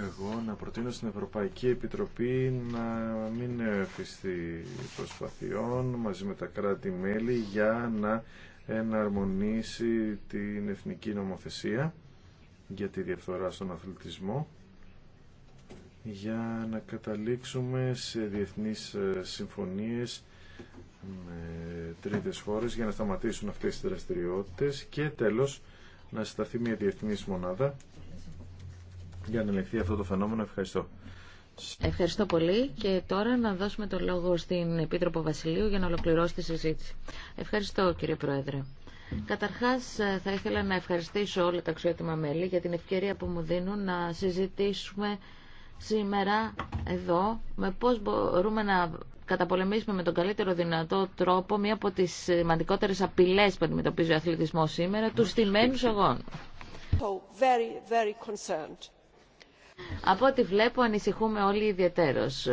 εγώ να προτείνω στην Ευρωπαϊκή Επιτροπή να μην εφιστεί προσπαθειών μαζί με τα κράτη-μέλη για να εναρμονίσει την εθνική νομοθεσία για τη διαφθορά στον αθλητισμό για να καταλήξουμε σε διεθνείς ε, συμφωνίες με τρίτες χώρες για να σταματήσουν αυτές τις δραστηριότητες και τέλος να συσταθεί μια διεθνής μονάδα για να ελεγχθεί αυτό το φαινόμενο. Ευχαριστώ. Ευχαριστώ πολύ και τώρα να δώσουμε το λόγο στην Επίτροπο Βασιλείου για να ολοκληρώσει τη συζήτηση. Ευχαριστώ κύριε Πρόεδρε. Καταρχάς ε, θα ήθελα να ευχαριστήσω όλα τα αξιότιμα μέλη για την ευκαιρία που μου δίνουν να συζητήσουμε σήμερα εδώ με πώς μπορούμε να καταπολεμήσουμε με τον καλύτερο δυνατό τρόπο μία από τις σημαντικότερες απειλές που αντιμετωπίζει ο αθλητισμός σήμερα, τους στημένους αγώνες. Oh, από ό,τι βλέπω ανησυχούμε όλοι ιδιαιτέρως.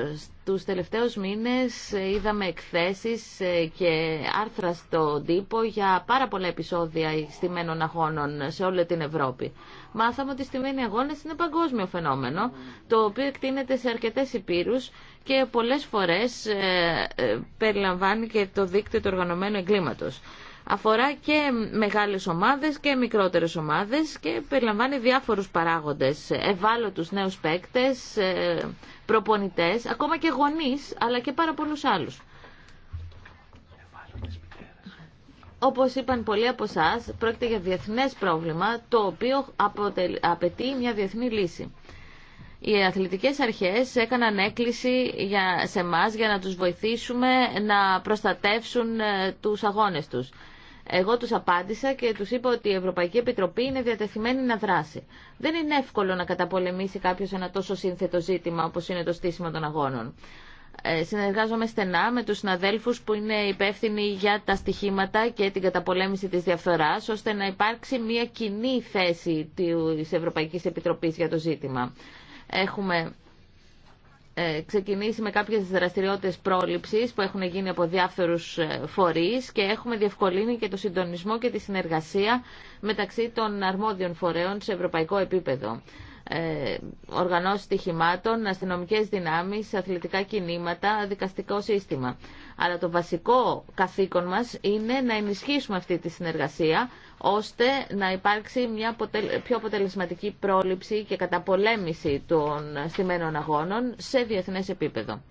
Τους τελευταίους μήνες είδαμε εκθέσεις ε, και άρθρα στον τύπο για πάρα πολλά επεισόδια στημένων αγώνων σε όλη την Ευρώπη. Μάθαμε ότι οι στημένοι αγώνες είναι παγκόσμιο φαινόμενο, το οποίο εκτείνεται σε αρκετές υπήρους και πολλές φορές ε, ε, περιλαμβάνει και το δίκτυο του οργανωμένου εγκλήματος αφορά και μεγάλες ομάδες και μικρότερες ομάδες και περιλαμβάνει διάφορους παράγοντες, ευάλωτους νέους παίκτες, ε, προπονητές, ακόμα και γονείς, αλλά και πάρα πολλούς άλλους. Όπως είπαν πολλοί από εσά, πρόκειται για διεθνές πρόβλημα, το οποίο απαιτεί μια διεθνή λύση. Οι αθλητικές αρχές έκαναν έκκληση για, σε εμά για να τους βοηθήσουμε να προστατεύσουν ε, τους αγώνες τους. Εγώ τους απάντησα και τους είπα ότι η Ευρωπαϊκή Επιτροπή είναι διατεθειμένη να δράσει. Δεν είναι εύκολο να καταπολεμήσει κάποιος ένα τόσο σύνθετο ζήτημα όπως είναι το στήσιμο των αγώνων. Ε, συνεργάζομαι στενά με τους συναδέλφους που είναι υπεύθυνοι για τα στοιχήματα και την καταπολέμηση της διαφθοράς, ώστε να υπάρξει μια κοινή θέση της Ευρωπαϊκής Επιτροπής για το ζήτημα. Έχουμε ε, ξεκινήσει με κάποιες δραστηριότητες πρόληψης που έχουν γίνει από διάφορους ε, φορείς και έχουμε διευκολύνει και το συντονισμό και τη συνεργασία μεταξύ των αρμόδιων φορέων σε ευρωπαϊκό επίπεδο ε, οργανώσεις στοιχημάτων, αστυνομικές δυνάμεις, αθλητικά κινήματα, δικαστικό σύστημα. Αλλά το βασικό καθήκον μας είναι να ενισχύσουμε αυτή τη συνεργασία ώστε να υπάρξει μια πιο αποτελεσματική πρόληψη και καταπολέμηση των στημένων αγώνων σε διεθνές επίπεδο.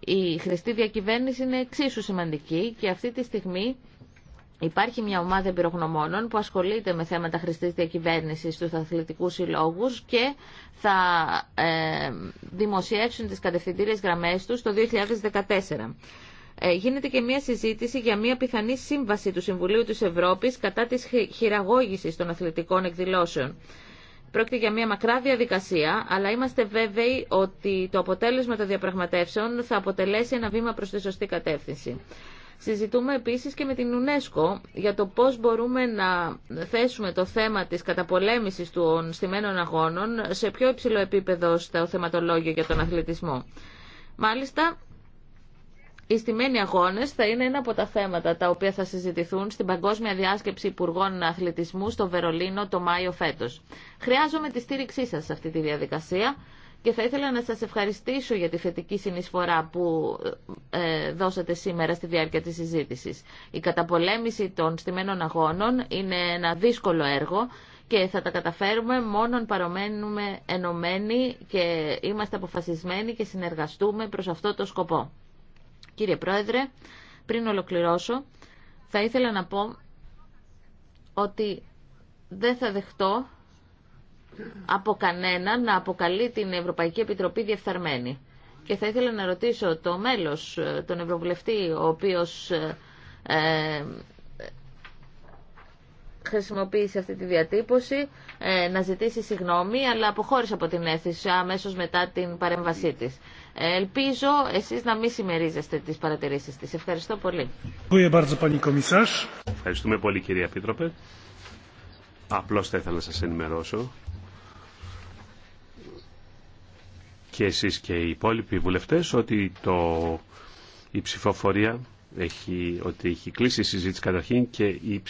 Η χρηστή διακυβέρνηση είναι εξίσου σημαντική και αυτή τη στιγμή Υπάρχει μια ομάδα εμπειρογνωμόνων που ασχολείται με θέματα χρηστή διακυβέρνηση στου αθλητικού συλλόγου και θα ε, δημοσιεύσουν τι κατευθυντήριε γραμμέ του το 2014. Ε, γίνεται και μια συζήτηση για μια πιθανή σύμβαση του Συμβουλίου της Ευρώπης κατά της χειραγώγησης των αθλητικών εκδηλώσεων. Πρόκειται για μια μακρά διαδικασία, αλλά είμαστε βέβαιοι ότι το αποτέλεσμα των διαπραγματεύσεων θα αποτελέσει ένα βήμα προς τη σωστή κατεύθυνση. Συζητούμε επίσης και με την UNESCO για το πώς μπορούμε να θέσουμε το θέμα της καταπολέμησης των στιμένων αγώνων σε πιο υψηλό επίπεδο στο θεματολόγιο για τον αθλητισμό. Μάλιστα, οι στημένοι αγώνε θα είναι ένα από τα θέματα τα οποία θα συζητηθούν στην Παγκόσμια Διάσκεψη Υπουργών Αθλητισμού στο Βερολίνο το Μάιο φέτο. Χρειάζομαι τη στήριξή σα σε αυτή τη διαδικασία και θα ήθελα να σα ευχαριστήσω για τη θετική συνεισφορά που ε, δώσατε σήμερα στη διάρκεια τη συζήτηση. Η καταπολέμηση των στημένων αγώνων είναι ένα δύσκολο έργο και θα τα καταφέρουμε μόνον παρομένουμε ενωμένοι και είμαστε αποφασισμένοι και συνεργαστούμε προ αυτό το σκοπό. Κύριε Πρόεδρε, πριν ολοκληρώσω, θα ήθελα να πω ότι δεν θα δεχτώ από κανένα να αποκαλεί την Ευρωπαϊκή Επιτροπή διεφθαρμένη. Και θα ήθελα να ρωτήσω το μέλος, ε, τον Ευρωβουλευτή, ο οποίος ε, ε χρησιμοποίησε αυτή τη διατύπωση, ε, να ζητήσει συγγνώμη, αλλά αποχώρησε από την αίθουσα αμέσως μετά την παρέμβασή της. Ελπίζω εσεί να μην συμμερίζεστε τι παρατηρήσει τη. Ευχαριστώ πολύ. Ευχαριστούμε πολύ κυρία Πίτροπε. Απλώ θα ήθελα να σα ενημερώσω και εσείς και οι υπόλοιποι βουλευτές ότι το, η ψηφοφορία έχει, ότι έχει κλείσει η συζήτηση καταρχήν και η